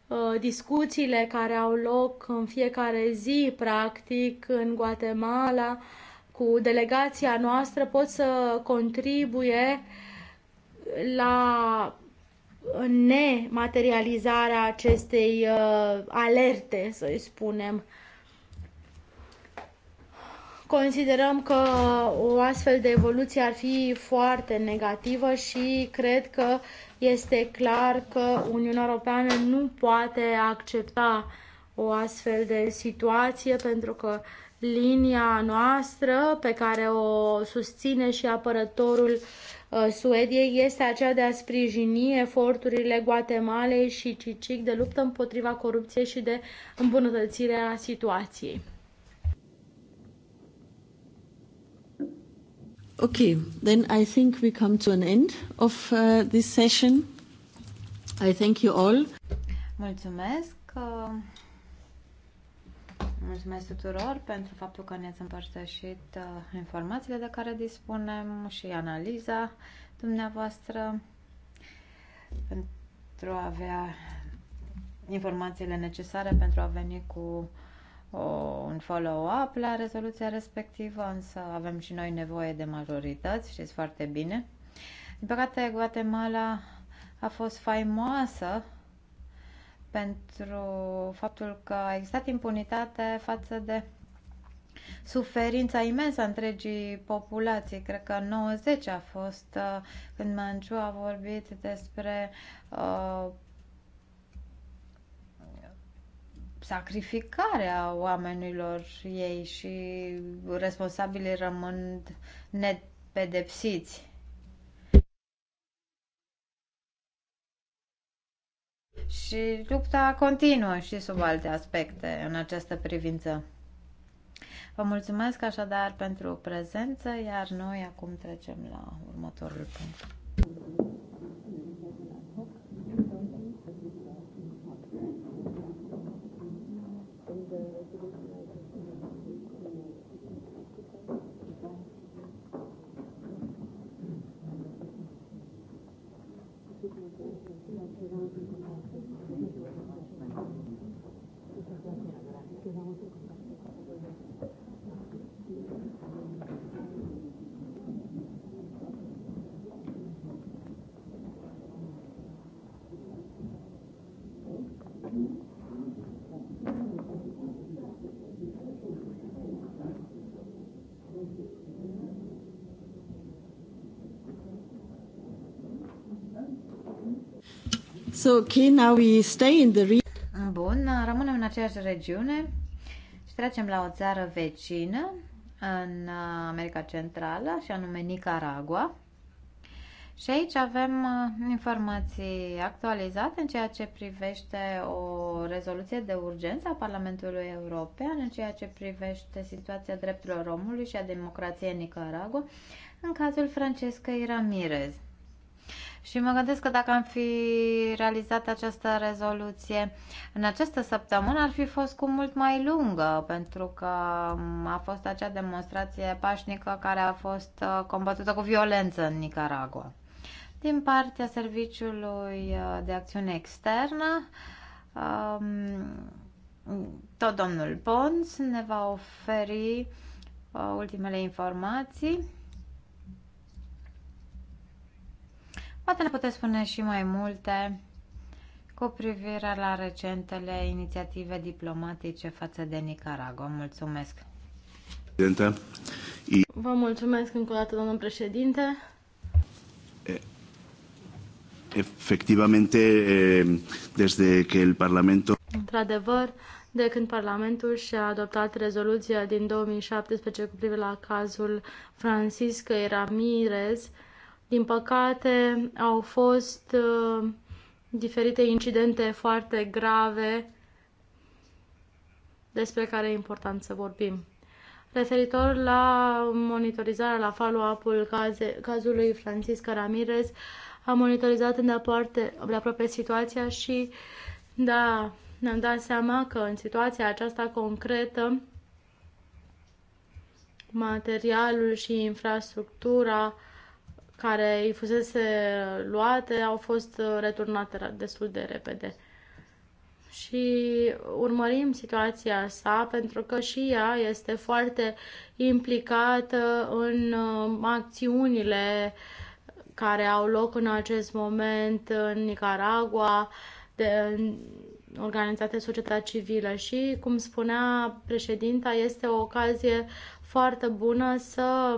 uh, discuțiile care au loc în fiecare zi, practic, în Guatemala, cu delegația noastră, pot să contribuie la nematerializarea acestei uh, alerte, să-i spunem, Considerăm că o astfel de evoluție ar fi foarte negativă și cred că este clar că Uniunea Europeană nu poate accepta o astfel de situație pentru că linia noastră pe care o susține și apărătorul uh, Suediei este aceea de a sprijini eforturile Guatemalei și Cicic de luptă împotriva corupției și de îmbunătățirea situației. Okay, then I think we come to an end of uh, this session. I thank you all. Mulțumesc. Uh, mulțumesc tuturor pentru faptul că ne-ați împărtășit uh, informațiile de care dispunem și analiza dumneavoastră pentru a avea informațiile necesare pentru a veni cu o, un follow-up la rezoluția respectivă, însă avem și noi nevoie de majorități, știți foarte bine. Din păcate, Guatemala a fost faimoasă pentru faptul că a existat impunitate față de suferința imensă a întregii populații. Cred că 90 a fost uh, când Manciu a vorbit despre uh, sacrificarea oamenilor ei și responsabilii rămân nepedepsiți. Și lupta continuă și sub alte aspecte în această privință. Vă mulțumesc așadar pentru prezență, iar noi acum trecem la următorul punct. So, okay, now we stay in the Bun, rămânem în aceeași regiune și trecem la o țară vecină în America Centrală, și anume Nicaragua. Și aici avem uh, informații actualizate în ceea ce privește o rezoluție de urgență a Parlamentului European, în ceea ce privește situația drepturilor omului și a democrației în Nicaragua, în cazul Francesca Ramirez. Și mă gândesc că dacă am fi realizat această rezoluție în această săptămână, ar fi fost cu mult mai lungă, pentru că a fost acea demonstrație pașnică care a fost uh, combătută cu violență în Nicaragua. Din partea Serviciului uh, de Acțiune Externă, um, tot domnul Pons ne va oferi uh, ultimele informații. Poate ne puteți spune și mai multe cu privire la recentele inițiative diplomatice față de Nicaragua. Mulțumesc! Vă mulțumesc încă o dată, domnul președinte. Efectivamente, desde că el Parlamento... Într-adevăr, de când Parlamentul și-a adoptat rezoluția din 2017 cu privire la cazul Francisca Ramirez, din păcate, au fost uh, diferite incidente foarte grave despre care e important să vorbim. Referitor la monitorizarea, la follow-up-ul cazului Francisca Ramirez, am monitorizat îndeaproape, de aproape situația și, da, ne-am dat seama că în situația aceasta concretă, materialul și infrastructura care îi fusese luate au fost uh, returnate destul de repede. Și urmărim situația sa pentru că și ea este foarte implicată în uh, acțiunile care au loc în acest moment în Nicaragua, de, organizate societatea civilă și, cum spunea președinta, este o ocazie foarte bună să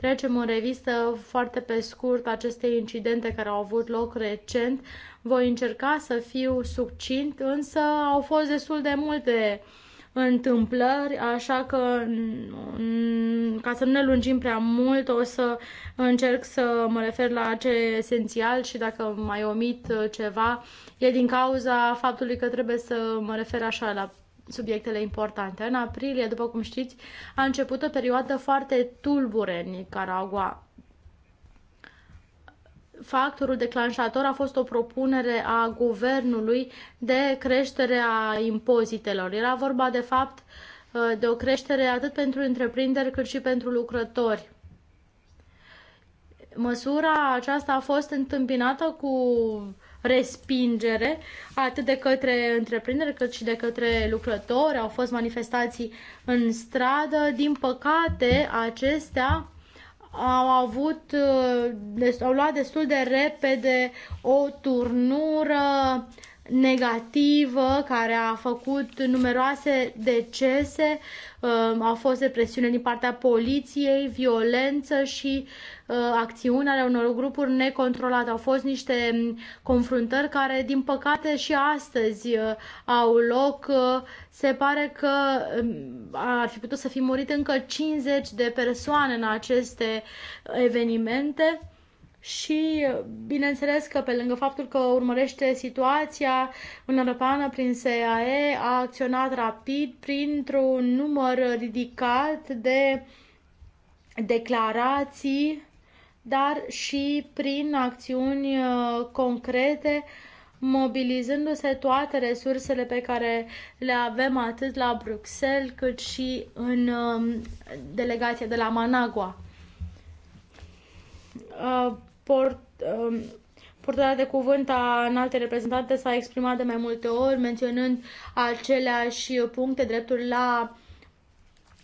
Trecem în revistă foarte pe scurt aceste incidente care au avut loc recent. Voi încerca să fiu succint, însă au fost destul de multe întâmplări, așa că ca să nu ne lungim prea mult, o să încerc să mă refer la ce e esențial și dacă mai omit ceva, e din cauza faptului că trebuie să mă refer așa la subiectele importante. În aprilie, după cum știți, a început o perioadă foarte tulbure în Nicaragua. Factorul declanșator a fost o propunere a guvernului de creștere a impozitelor. Era vorba, de fapt, de o creștere atât pentru întreprinderi cât și pentru lucrători. Măsura aceasta a fost întâmpinată cu respingere, atât de către întreprinderi cât și de către lucrători. Au fost manifestații în stradă. Din păcate, acestea au avut, uh, au luat destul de repede o turnură negativă care a făcut numeroase decese, um, au fost represiune din partea poliției, violență și uh, acțiunea ale unor grupuri necontrolate. Au fost niște um, confruntări care, din păcate, și astăzi uh, au loc. Uh, se pare că um, ar fi putut să fi murit încă 50 de persoane în aceste evenimente și bineînțeles că pe lângă faptul că urmărește situația, Uniunea Europeană prin SAE a acționat rapid printr-un număr ridicat de declarații, dar și prin acțiuni uh, concrete mobilizându-se toate resursele pe care le avem atât la Bruxelles cât și în um, delegația de la Managua uh, port, um, portarea de cuvânt a înalte reprezentante s-a exprimat de mai multe ori, menționând aceleași puncte, dreptul la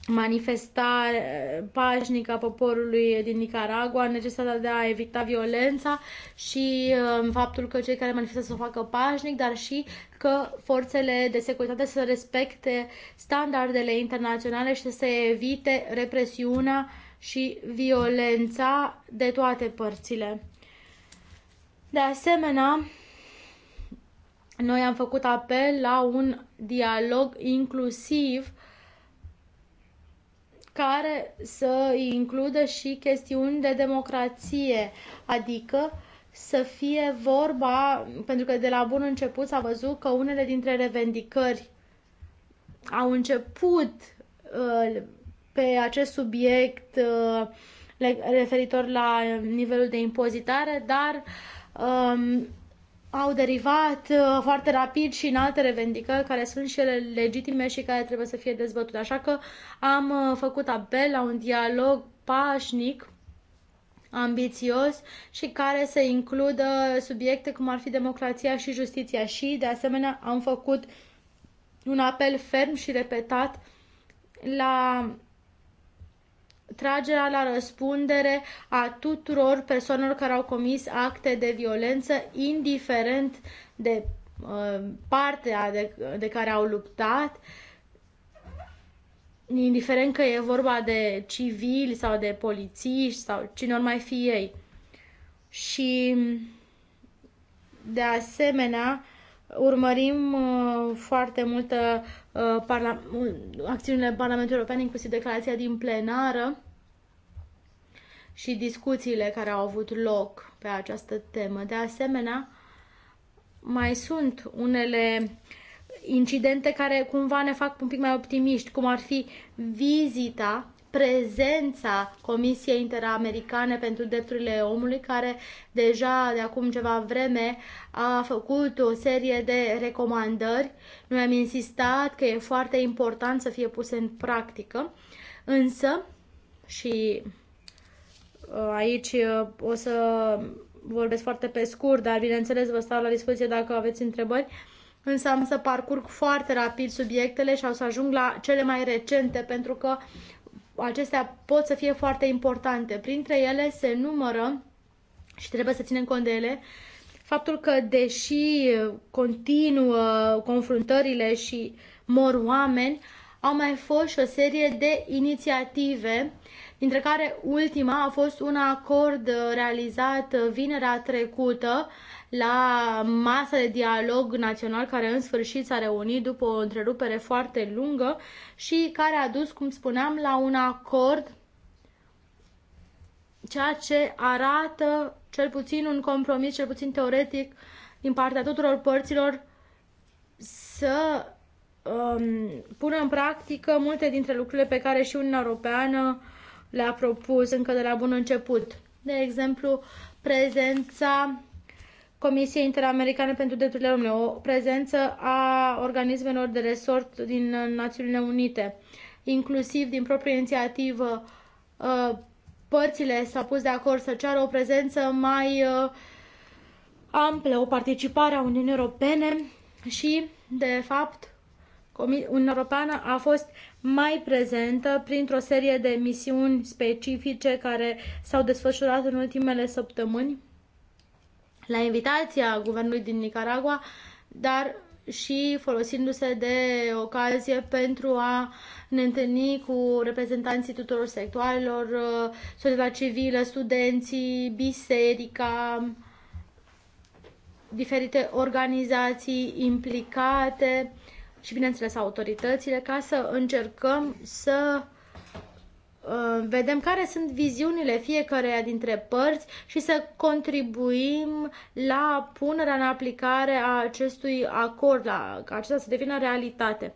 manifestare pașnică a poporului din Nicaragua, necesitatea de a evita violența și um, faptul că cei care manifestă să o facă pașnic, dar și că forțele de securitate să respecte standardele internaționale și să se evite represiunea și violența de toate părțile. De asemenea, noi am făcut apel la un dialog inclusiv care să includă și chestiuni de democrație, adică să fie vorba, pentru că de la bun început s-a văzut că unele dintre revendicări au început uh, pe acest subiect uh, referitor la nivelul de impozitare, dar um, au derivat uh, foarte rapid și în alte revendicări care sunt și ele legitime și care trebuie să fie dezbătute. Așa că am uh, făcut apel la un dialog pașnic ambițios și care să includă subiecte cum ar fi democrația și justiția și, de asemenea, am făcut un apel ferm și repetat la tragerea la răspundere a tuturor persoanelor care au comis acte de violență, indiferent de uh, partea de, de care au luptat, indiferent că e vorba de civili sau de polițiști sau cine or mai fi ei. Și de asemenea, urmărim uh, foarte multă Uh, parla- acțiunile Parlamentului European, inclusiv declarația din plenară și discuțiile care au avut loc pe această temă. De asemenea, mai sunt unele incidente care cumva ne fac un pic mai optimiști, cum ar fi vizita prezența Comisiei Interamericane pentru Drepturile Omului, care deja de acum ceva vreme a făcut o serie de recomandări. Noi am insistat că e foarte important să fie puse în practică, însă și uh, aici uh, o să vorbesc foarte pe scurt, dar bineînțeles vă stau la dispoziție dacă aveți întrebări. Însă am să parcurg foarte rapid subiectele și o să ajung la cele mai recente, pentru că acestea pot să fie foarte importante. Printre ele se numără, și trebuie să ținem cont de ele, faptul că deși continuă confruntările și mor oameni, au mai fost și o serie de inițiative dintre care ultima a fost un acord uh, realizat uh, vinerea trecută la masa de dialog național care în sfârșit s-a reunit după o întrerupere foarte lungă și care a dus, cum spuneam, la un acord ceea ce arată cel puțin un compromis, cel puțin teoretic, din partea tuturor părților să um, pună în practică multe dintre lucrurile pe care și Uniunea Europeană le-a propus încă de la bun început. De exemplu, prezența Comisiei Interamericane pentru Drepturile Omului, o prezență a organismelor de resort din uh, Națiunile Unite, inclusiv din proprie inițiativă, uh, părțile s-au pus de acord să ceară o prezență mai uh, amplă, o participare a Uniunii Europene și, de fapt, Uniunea Europeană a fost mai prezentă printr-o serie de misiuni specifice care s-au desfășurat în ultimele săptămâni la invitația guvernului din Nicaragua, dar și folosindu-se de ocazie pentru a ne întâlni cu reprezentanții tuturor sectoarelor, uh, societatea civilă, studenții, biserica, diferite organizații implicate și, bineînțeles, autoritățile, ca să încercăm să uh, vedem care sunt viziunile fiecăreia dintre părți și să contribuim la punerea în aplicare a acestui acord, la ca acesta să devină realitate.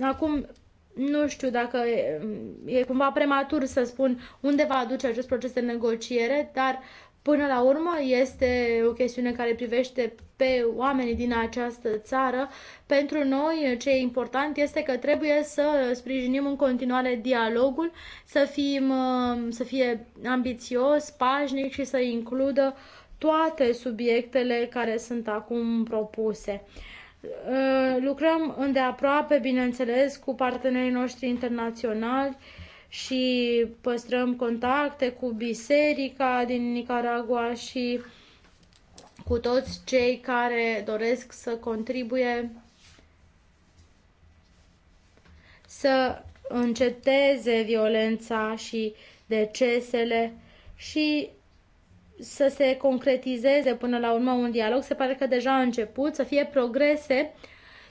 Acum, nu știu dacă e, e cumva prematur să spun unde va aduce acest proces de negociere, dar uh, Până la urmă, este o chestiune care privește pe oamenii din această țară. Pentru noi, ce e important este că trebuie să sprijinim în continuare dialogul, să, fim, um, să fie ambițios, pașnic și să includă toate subiectele care sunt acum propuse. Uh, lucrăm îndeaproape, bineînțeles, cu partenerii noștri internaționali și păstrăm contacte cu biserica din Nicaragua și cu toți cei care doresc să contribuie să înceteze violența și decesele și să se concretizeze până la urmă un dialog. Se pare că deja a început să fie progrese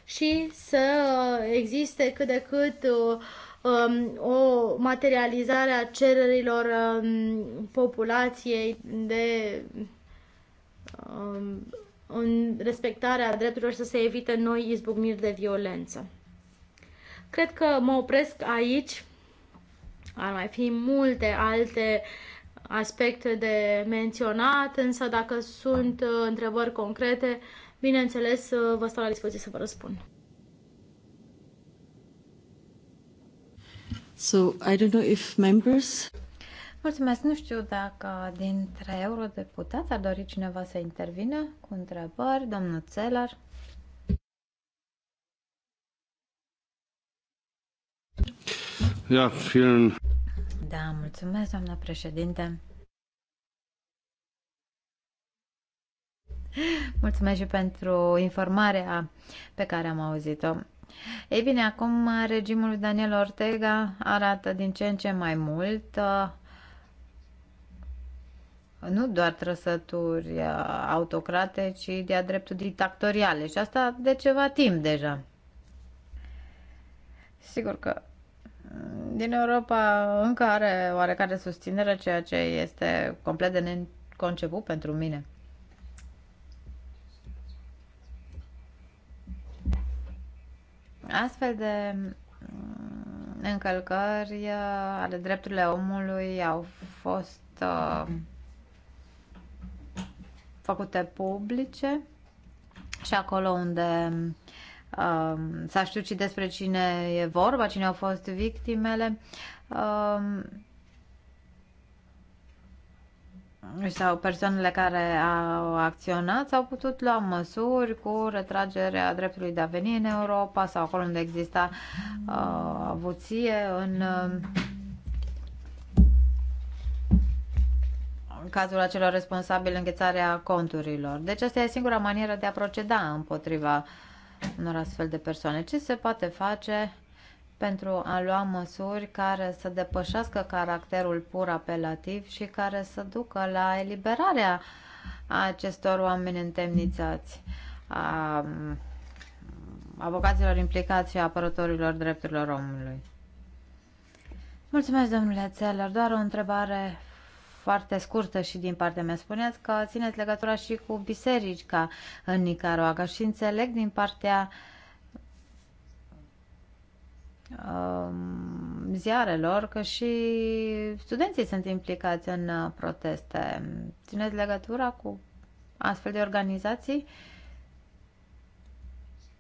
și să existe cât de cât uh, Um, o materializare a cererilor um, populației de um, în respectarea drepturilor și să se evite noi izbucniri de violență. Cred că mă opresc aici. Ar mai fi multe alte aspecte de menționat, însă dacă sunt uh, întrebări concrete, bineînțeles, uh, vă stau la dispoziție să vă răspund. So, I don't know if members... Mulțumesc. Nu știu dacă dintre eurodeputați ar dori cineva să intervină cu întrebări. Domnul Țelar. vielen... Da, mulțumesc, doamna președinte. Mulțumesc și pentru informarea pe care am auzit-o. Ei bine, acum uh, regimul lui Daniel Ortega arată din ce în ce mai mult uh, nu doar trăsături uh, autocrate, ci de-a dreptul dictatoriale și asta de ceva timp deja. Sigur că mm, din Europa încă are oarecare susținere, ceea ce este complet de neconceput pentru mine. Astfel de mm, încălcări uh, ale drepturilor omului au fost uh, făcute publice și acolo unde um, s-a știut și despre cine e vorba, cine au fost victimele, um, sau persoanele care au acționat au putut lua măsuri cu retragerea dreptului de a veni în Europa sau acolo unde exista uh, avuție în uh, cazul acelor responsabili înghețarea conturilor. Deci asta e singura manieră de a proceda împotriva unor astfel de persoane. Ce se poate face pentru a lua măsuri care să depășească caracterul pur apelativ și care să ducă la eliberarea acestor oameni întemnițați, a avocaților implicați și a apărătorilor drepturilor omului. Mulțumesc, domnule Țeller. Doar o întrebare foarte scurtă și din partea mea. Spuneați că țineți legătura și cu biserica în Nicaragua și înțeleg din partea uh, Um, ziarelor că și studenții sunt implicați în uh, proteste. Țineți legătura cu astfel de organizații?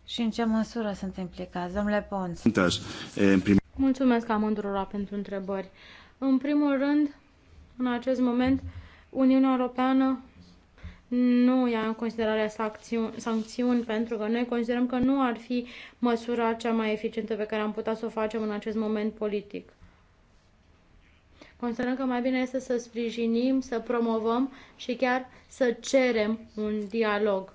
Și în ce măsură sunt implicați? Domnule Ponț. Eh, Mulțumesc amândurora pentru întrebări. În primul rând, în acest moment, Uniunea Europeană nu ia în considerare sancțiuni pentru că noi considerăm că nu ar fi măsura cea mai eficientă pe care am putea să o facem în acest moment politic. Considerăm că mai bine este să sprijinim, să promovăm și chiar să cerem un dialog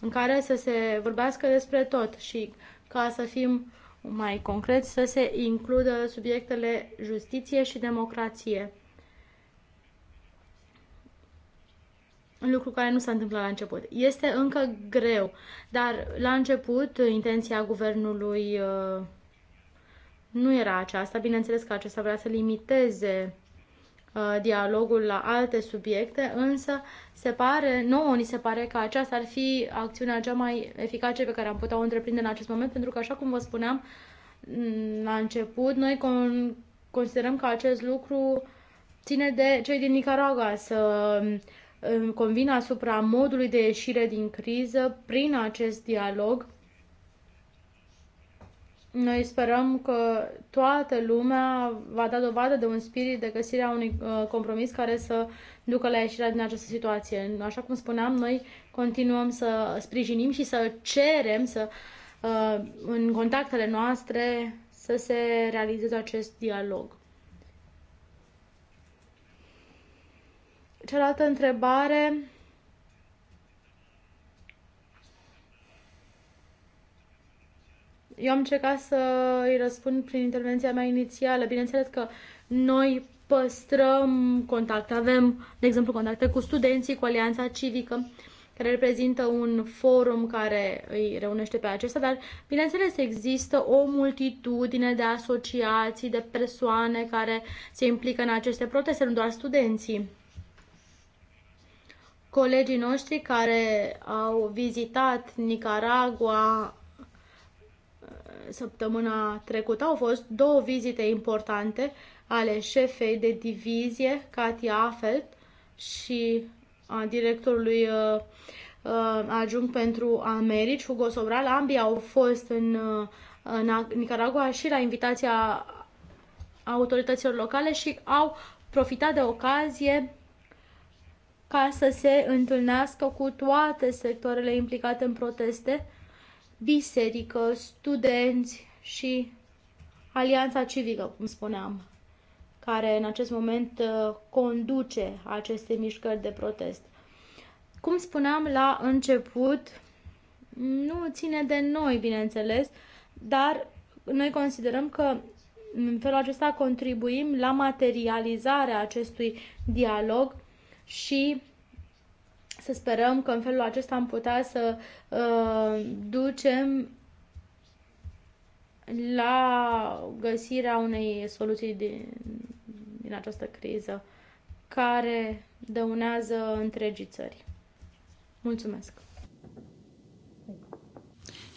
în care să se vorbească despre tot și ca să fim mai concreți, să se includă subiectele justiție și democrație. lucru care nu s-a întâmplat la început. Este încă greu, dar la început intenția guvernului uh, nu era aceasta. Bineînțeles că acesta vrea să limiteze uh, dialogul la alte subiecte, însă se pare, nouă ni se pare că aceasta ar fi acțiunea cea mai eficace pe care am putea o întreprinde în acest moment, pentru că, așa cum vă spuneam mm, la început, noi con- considerăm că acest lucru ține de cei din Nicaragua să uh, convin asupra modului de ieșire din criză prin acest dialog. Noi sperăm că toată lumea va da dovadă de un spirit de găsire a unui uh, compromis care să ducă la ieșirea din această situație. Așa cum spuneam, noi continuăm să sprijinim și să cerem să uh, în contactele noastre să se realizeze acest dialog. Cealaltă întrebare eu am încercat să îi răspund prin intervenția mea inițială. Bineînțeles că noi păstrăm contact, avem, de exemplu, contacte cu studenții, cu Alianța Civică, care reprezintă un forum care îi reunește pe acesta, dar, bineînțeles, există o multitudine de asociații, de persoane care se implică în aceste proteste, nu doar studenții colegii noștri care au vizitat Nicaragua uh, săptămâna trecută. Au fost două vizite importante ale șefei de divizie, Katia Afelt, și a directorului uh, uh, Ajung pentru Americi, Hugo Sobral. Ambii au fost în, în Nicaragua și la invitația autorităților locale și au profitat de ocazie ca să se întâlnească cu toate sectoarele implicate în proteste, biserică, studenți și alianța civică, cum spuneam, care în acest moment uh, conduce aceste mișcări de protest. Cum spuneam la început, nu ține de noi, bineînțeles, dar noi considerăm că în felul acesta contribuim la materializarea acestui dialog și să sperăm că în felul acesta am putea să uh, ducem la găsirea unei soluții din, din această criză care dăunează întregii țări. Mulțumesc!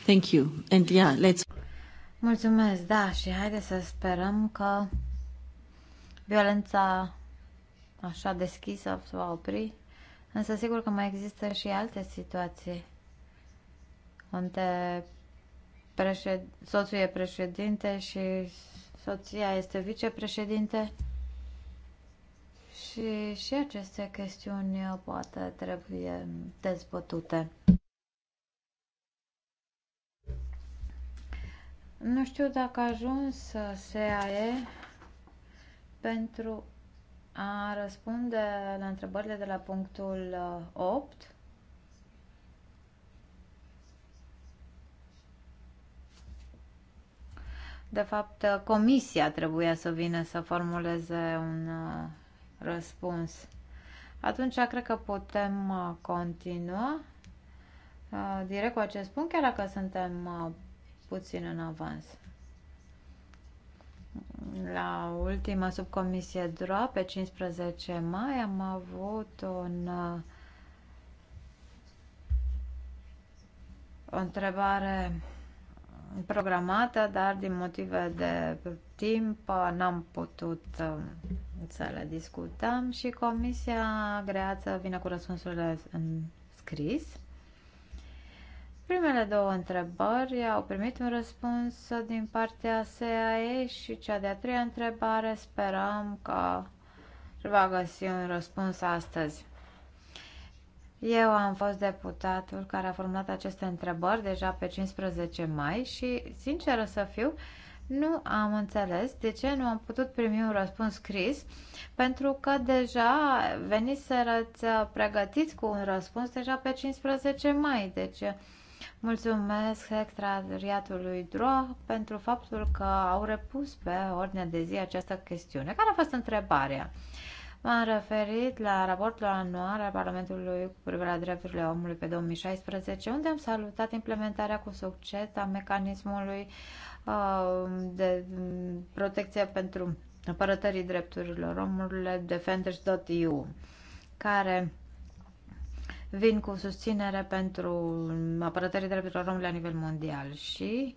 Thank you. And yeah, let's... Mulțumesc, da, și haideți să sperăm că violența așa deschisă să o opri, însă sigur că mai există și alte situații unde președ... soțul e președinte și soția este vicepreședinte și, și aceste chestiuni uh, poate trebuie dezbătute. Nu știu dacă a ajuns uh, aie pentru a răspunde la întrebările de la punctul 8. Uh, de fapt, uh, comisia trebuia să vină să formuleze un uh, răspuns. Atunci, cred că putem continua direct cu acest punct, chiar dacă suntem puțin în avans. La ultima subcomisie DROA, pe 15 mai, am avut un, o întrebare programată, dar din motive de timp n-am putut um, să le discutăm și comisia greață vine cu răspunsurile în scris. Primele două întrebări au primit un răspuns din partea SAE și cea de-a treia întrebare sperăm că va găsi un răspuns astăzi. Eu am fost deputatul care a formulat aceste întrebări deja pe 15 mai și, sinceră să fiu, nu am înțeles de ce nu am putut primi un răspuns scris, pentru că deja veniserăți pregătiți cu un răspuns deja pe 15 mai, deci Mulțumesc extrariatului DRO pentru faptul că au repus pe ordinea de zi această chestiune. Care a fost întrebarea? M-am referit la raportul anual al Parlamentului cu privire la drepturile omului pe 2016, unde am salutat implementarea cu succes a mecanismului uh, de protecție pentru apărătării drepturilor omului, defenders.eu, care vin cu susținere pentru apărătării drepturilor omului la nivel mondial și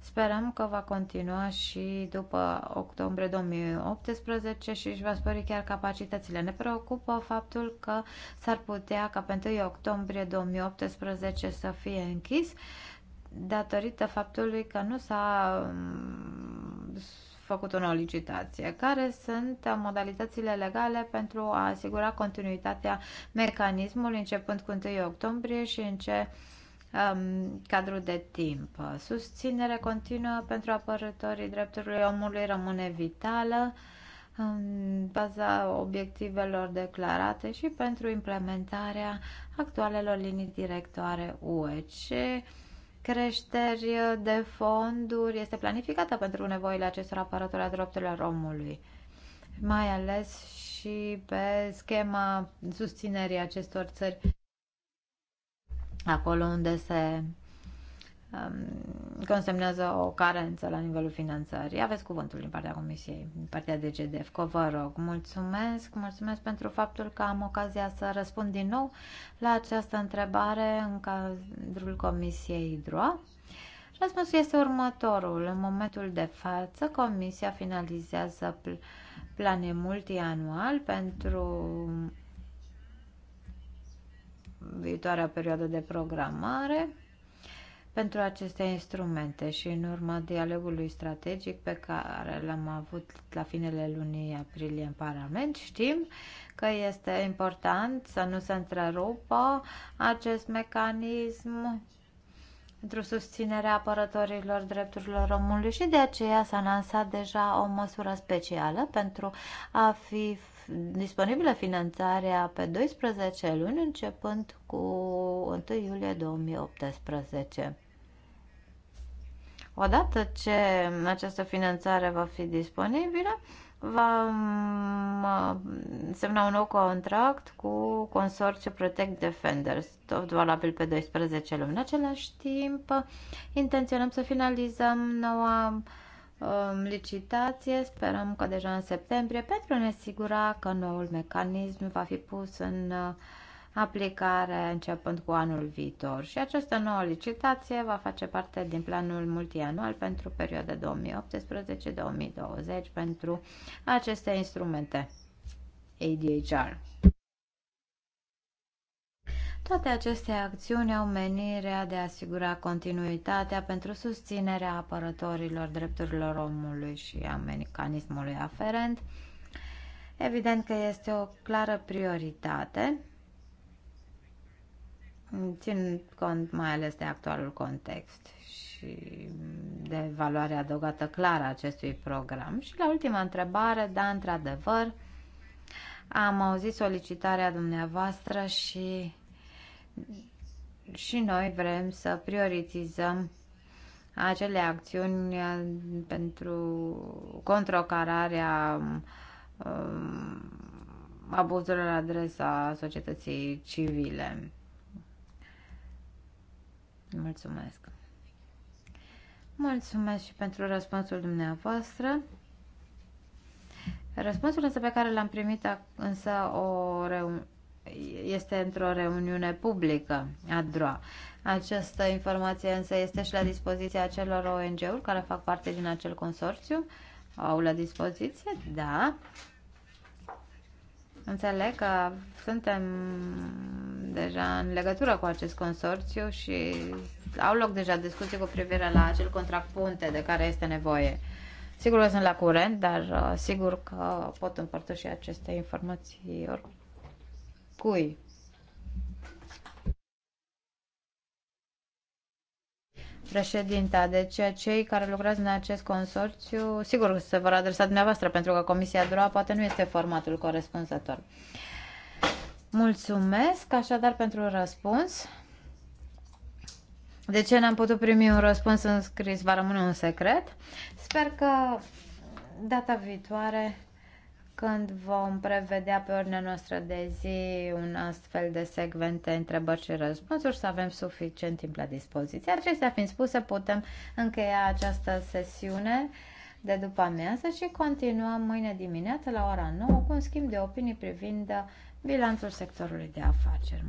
sperăm că va continua și după octombrie 2018 și își va spori chiar capacitățile. Ne preocupă faptul că s-ar putea ca pe 1 octombrie 2018 să fie închis datorită faptului că nu s-a făcut o nouă licitație. Care sunt modalitățile legale pentru a asigura continuitatea mecanismului începând cu 1 octombrie și în ce um, cadru de timp? Susținere continuă pentru apărătorii drepturilor omului rămâne vitală în baza obiectivelor declarate și pentru implementarea actualelor linii directoare UE creșteri de fonduri este planificată pentru nevoile acestor apărători a drepturilor omului, mai ales și pe schema susținerii acestor țări acolo unde se Um, consemnează o carență la nivelul finanțării. Aveți cuvântul din partea Comisiei, din partea Că vă rog. Mulțumesc, mulțumesc pentru faptul că am ocazia să răspund din nou la această întrebare în cadrul Comisiei DROA. Răspunsul este următorul. În momentul de față, Comisia finalizează pl- plane multianual pentru viitoarea perioadă de programare pentru aceste instrumente și în urma dialogului strategic pe care l-am avut la finele lunii aprilie în Parlament, știm că este important să nu se întrerupă acest mecanism pentru susținerea apărătorilor drepturilor omului și de aceea s-a lansat deja o măsură specială pentru a fi disponibilă finanțarea pe 12 luni începând cu 1 iulie 2018. Odată ce această finanțare va fi disponibilă, va uh, semna un nou contract cu consorțiul Protect Defenders, tot valabil pe 12 luni. În același timp, intenționăm să finalizăm noua um, licitație, sperăm că deja în septembrie, pentru a ne asigura că noul mecanism va fi pus în uh, aplicare începând cu anul viitor și această nouă licitație va face parte din planul multianual pentru perioada 2018-2020 pentru aceste instrumente ADHR. Toate aceste acțiuni au menirea de a asigura continuitatea pentru susținerea apărătorilor drepturilor omului și a mecanismului aferent. Evident că este o clară prioritate țin cont mai ales de actualul context și de valoarea adăugată clară a acestui program. Și la ultima întrebare, da, într-adevăr, am auzit solicitarea dumneavoastră și și noi vrem să prioritizăm acele acțiuni pentru controcararea um, abuzurilor adresa societății civile. Mulțumesc! Mulțumesc și pentru răspunsul dumneavoastră. Răspunsul însă pe care l-am primit însă o este într-o reuniune publică a DROA. Această informație însă este și la dispoziția celor ONG-uri care fac parte din acel consorțiu. Au la dispoziție? Da. Înțeleg că suntem deja în legătură cu acest consorțiu și au loc deja discuții cu privire la acel contract punte de care este nevoie. Sigur că sunt la curent, dar uh, sigur că pot împărtăși aceste informații oricui. Președinta, deci cei care lucrează în acest consorțiu, sigur se vor adresa dumneavoastră, pentru că Comisia DROA poate nu este formatul corespunzător. Mulțumesc așadar pentru răspuns. De ce n-am putut primi un răspuns în scris va rămâne un secret. Sper că data viitoare când vom prevedea pe ordinea noastră de zi un astfel de segment de întrebări și răspunsuri, să avem suficient timp la dispoziție. Acestea fiind spuse, putem încheia această sesiune de după amiază și continuăm mâine dimineață la ora 9 cu un schimb de opinii privind bilanțul sectorului de afaceri.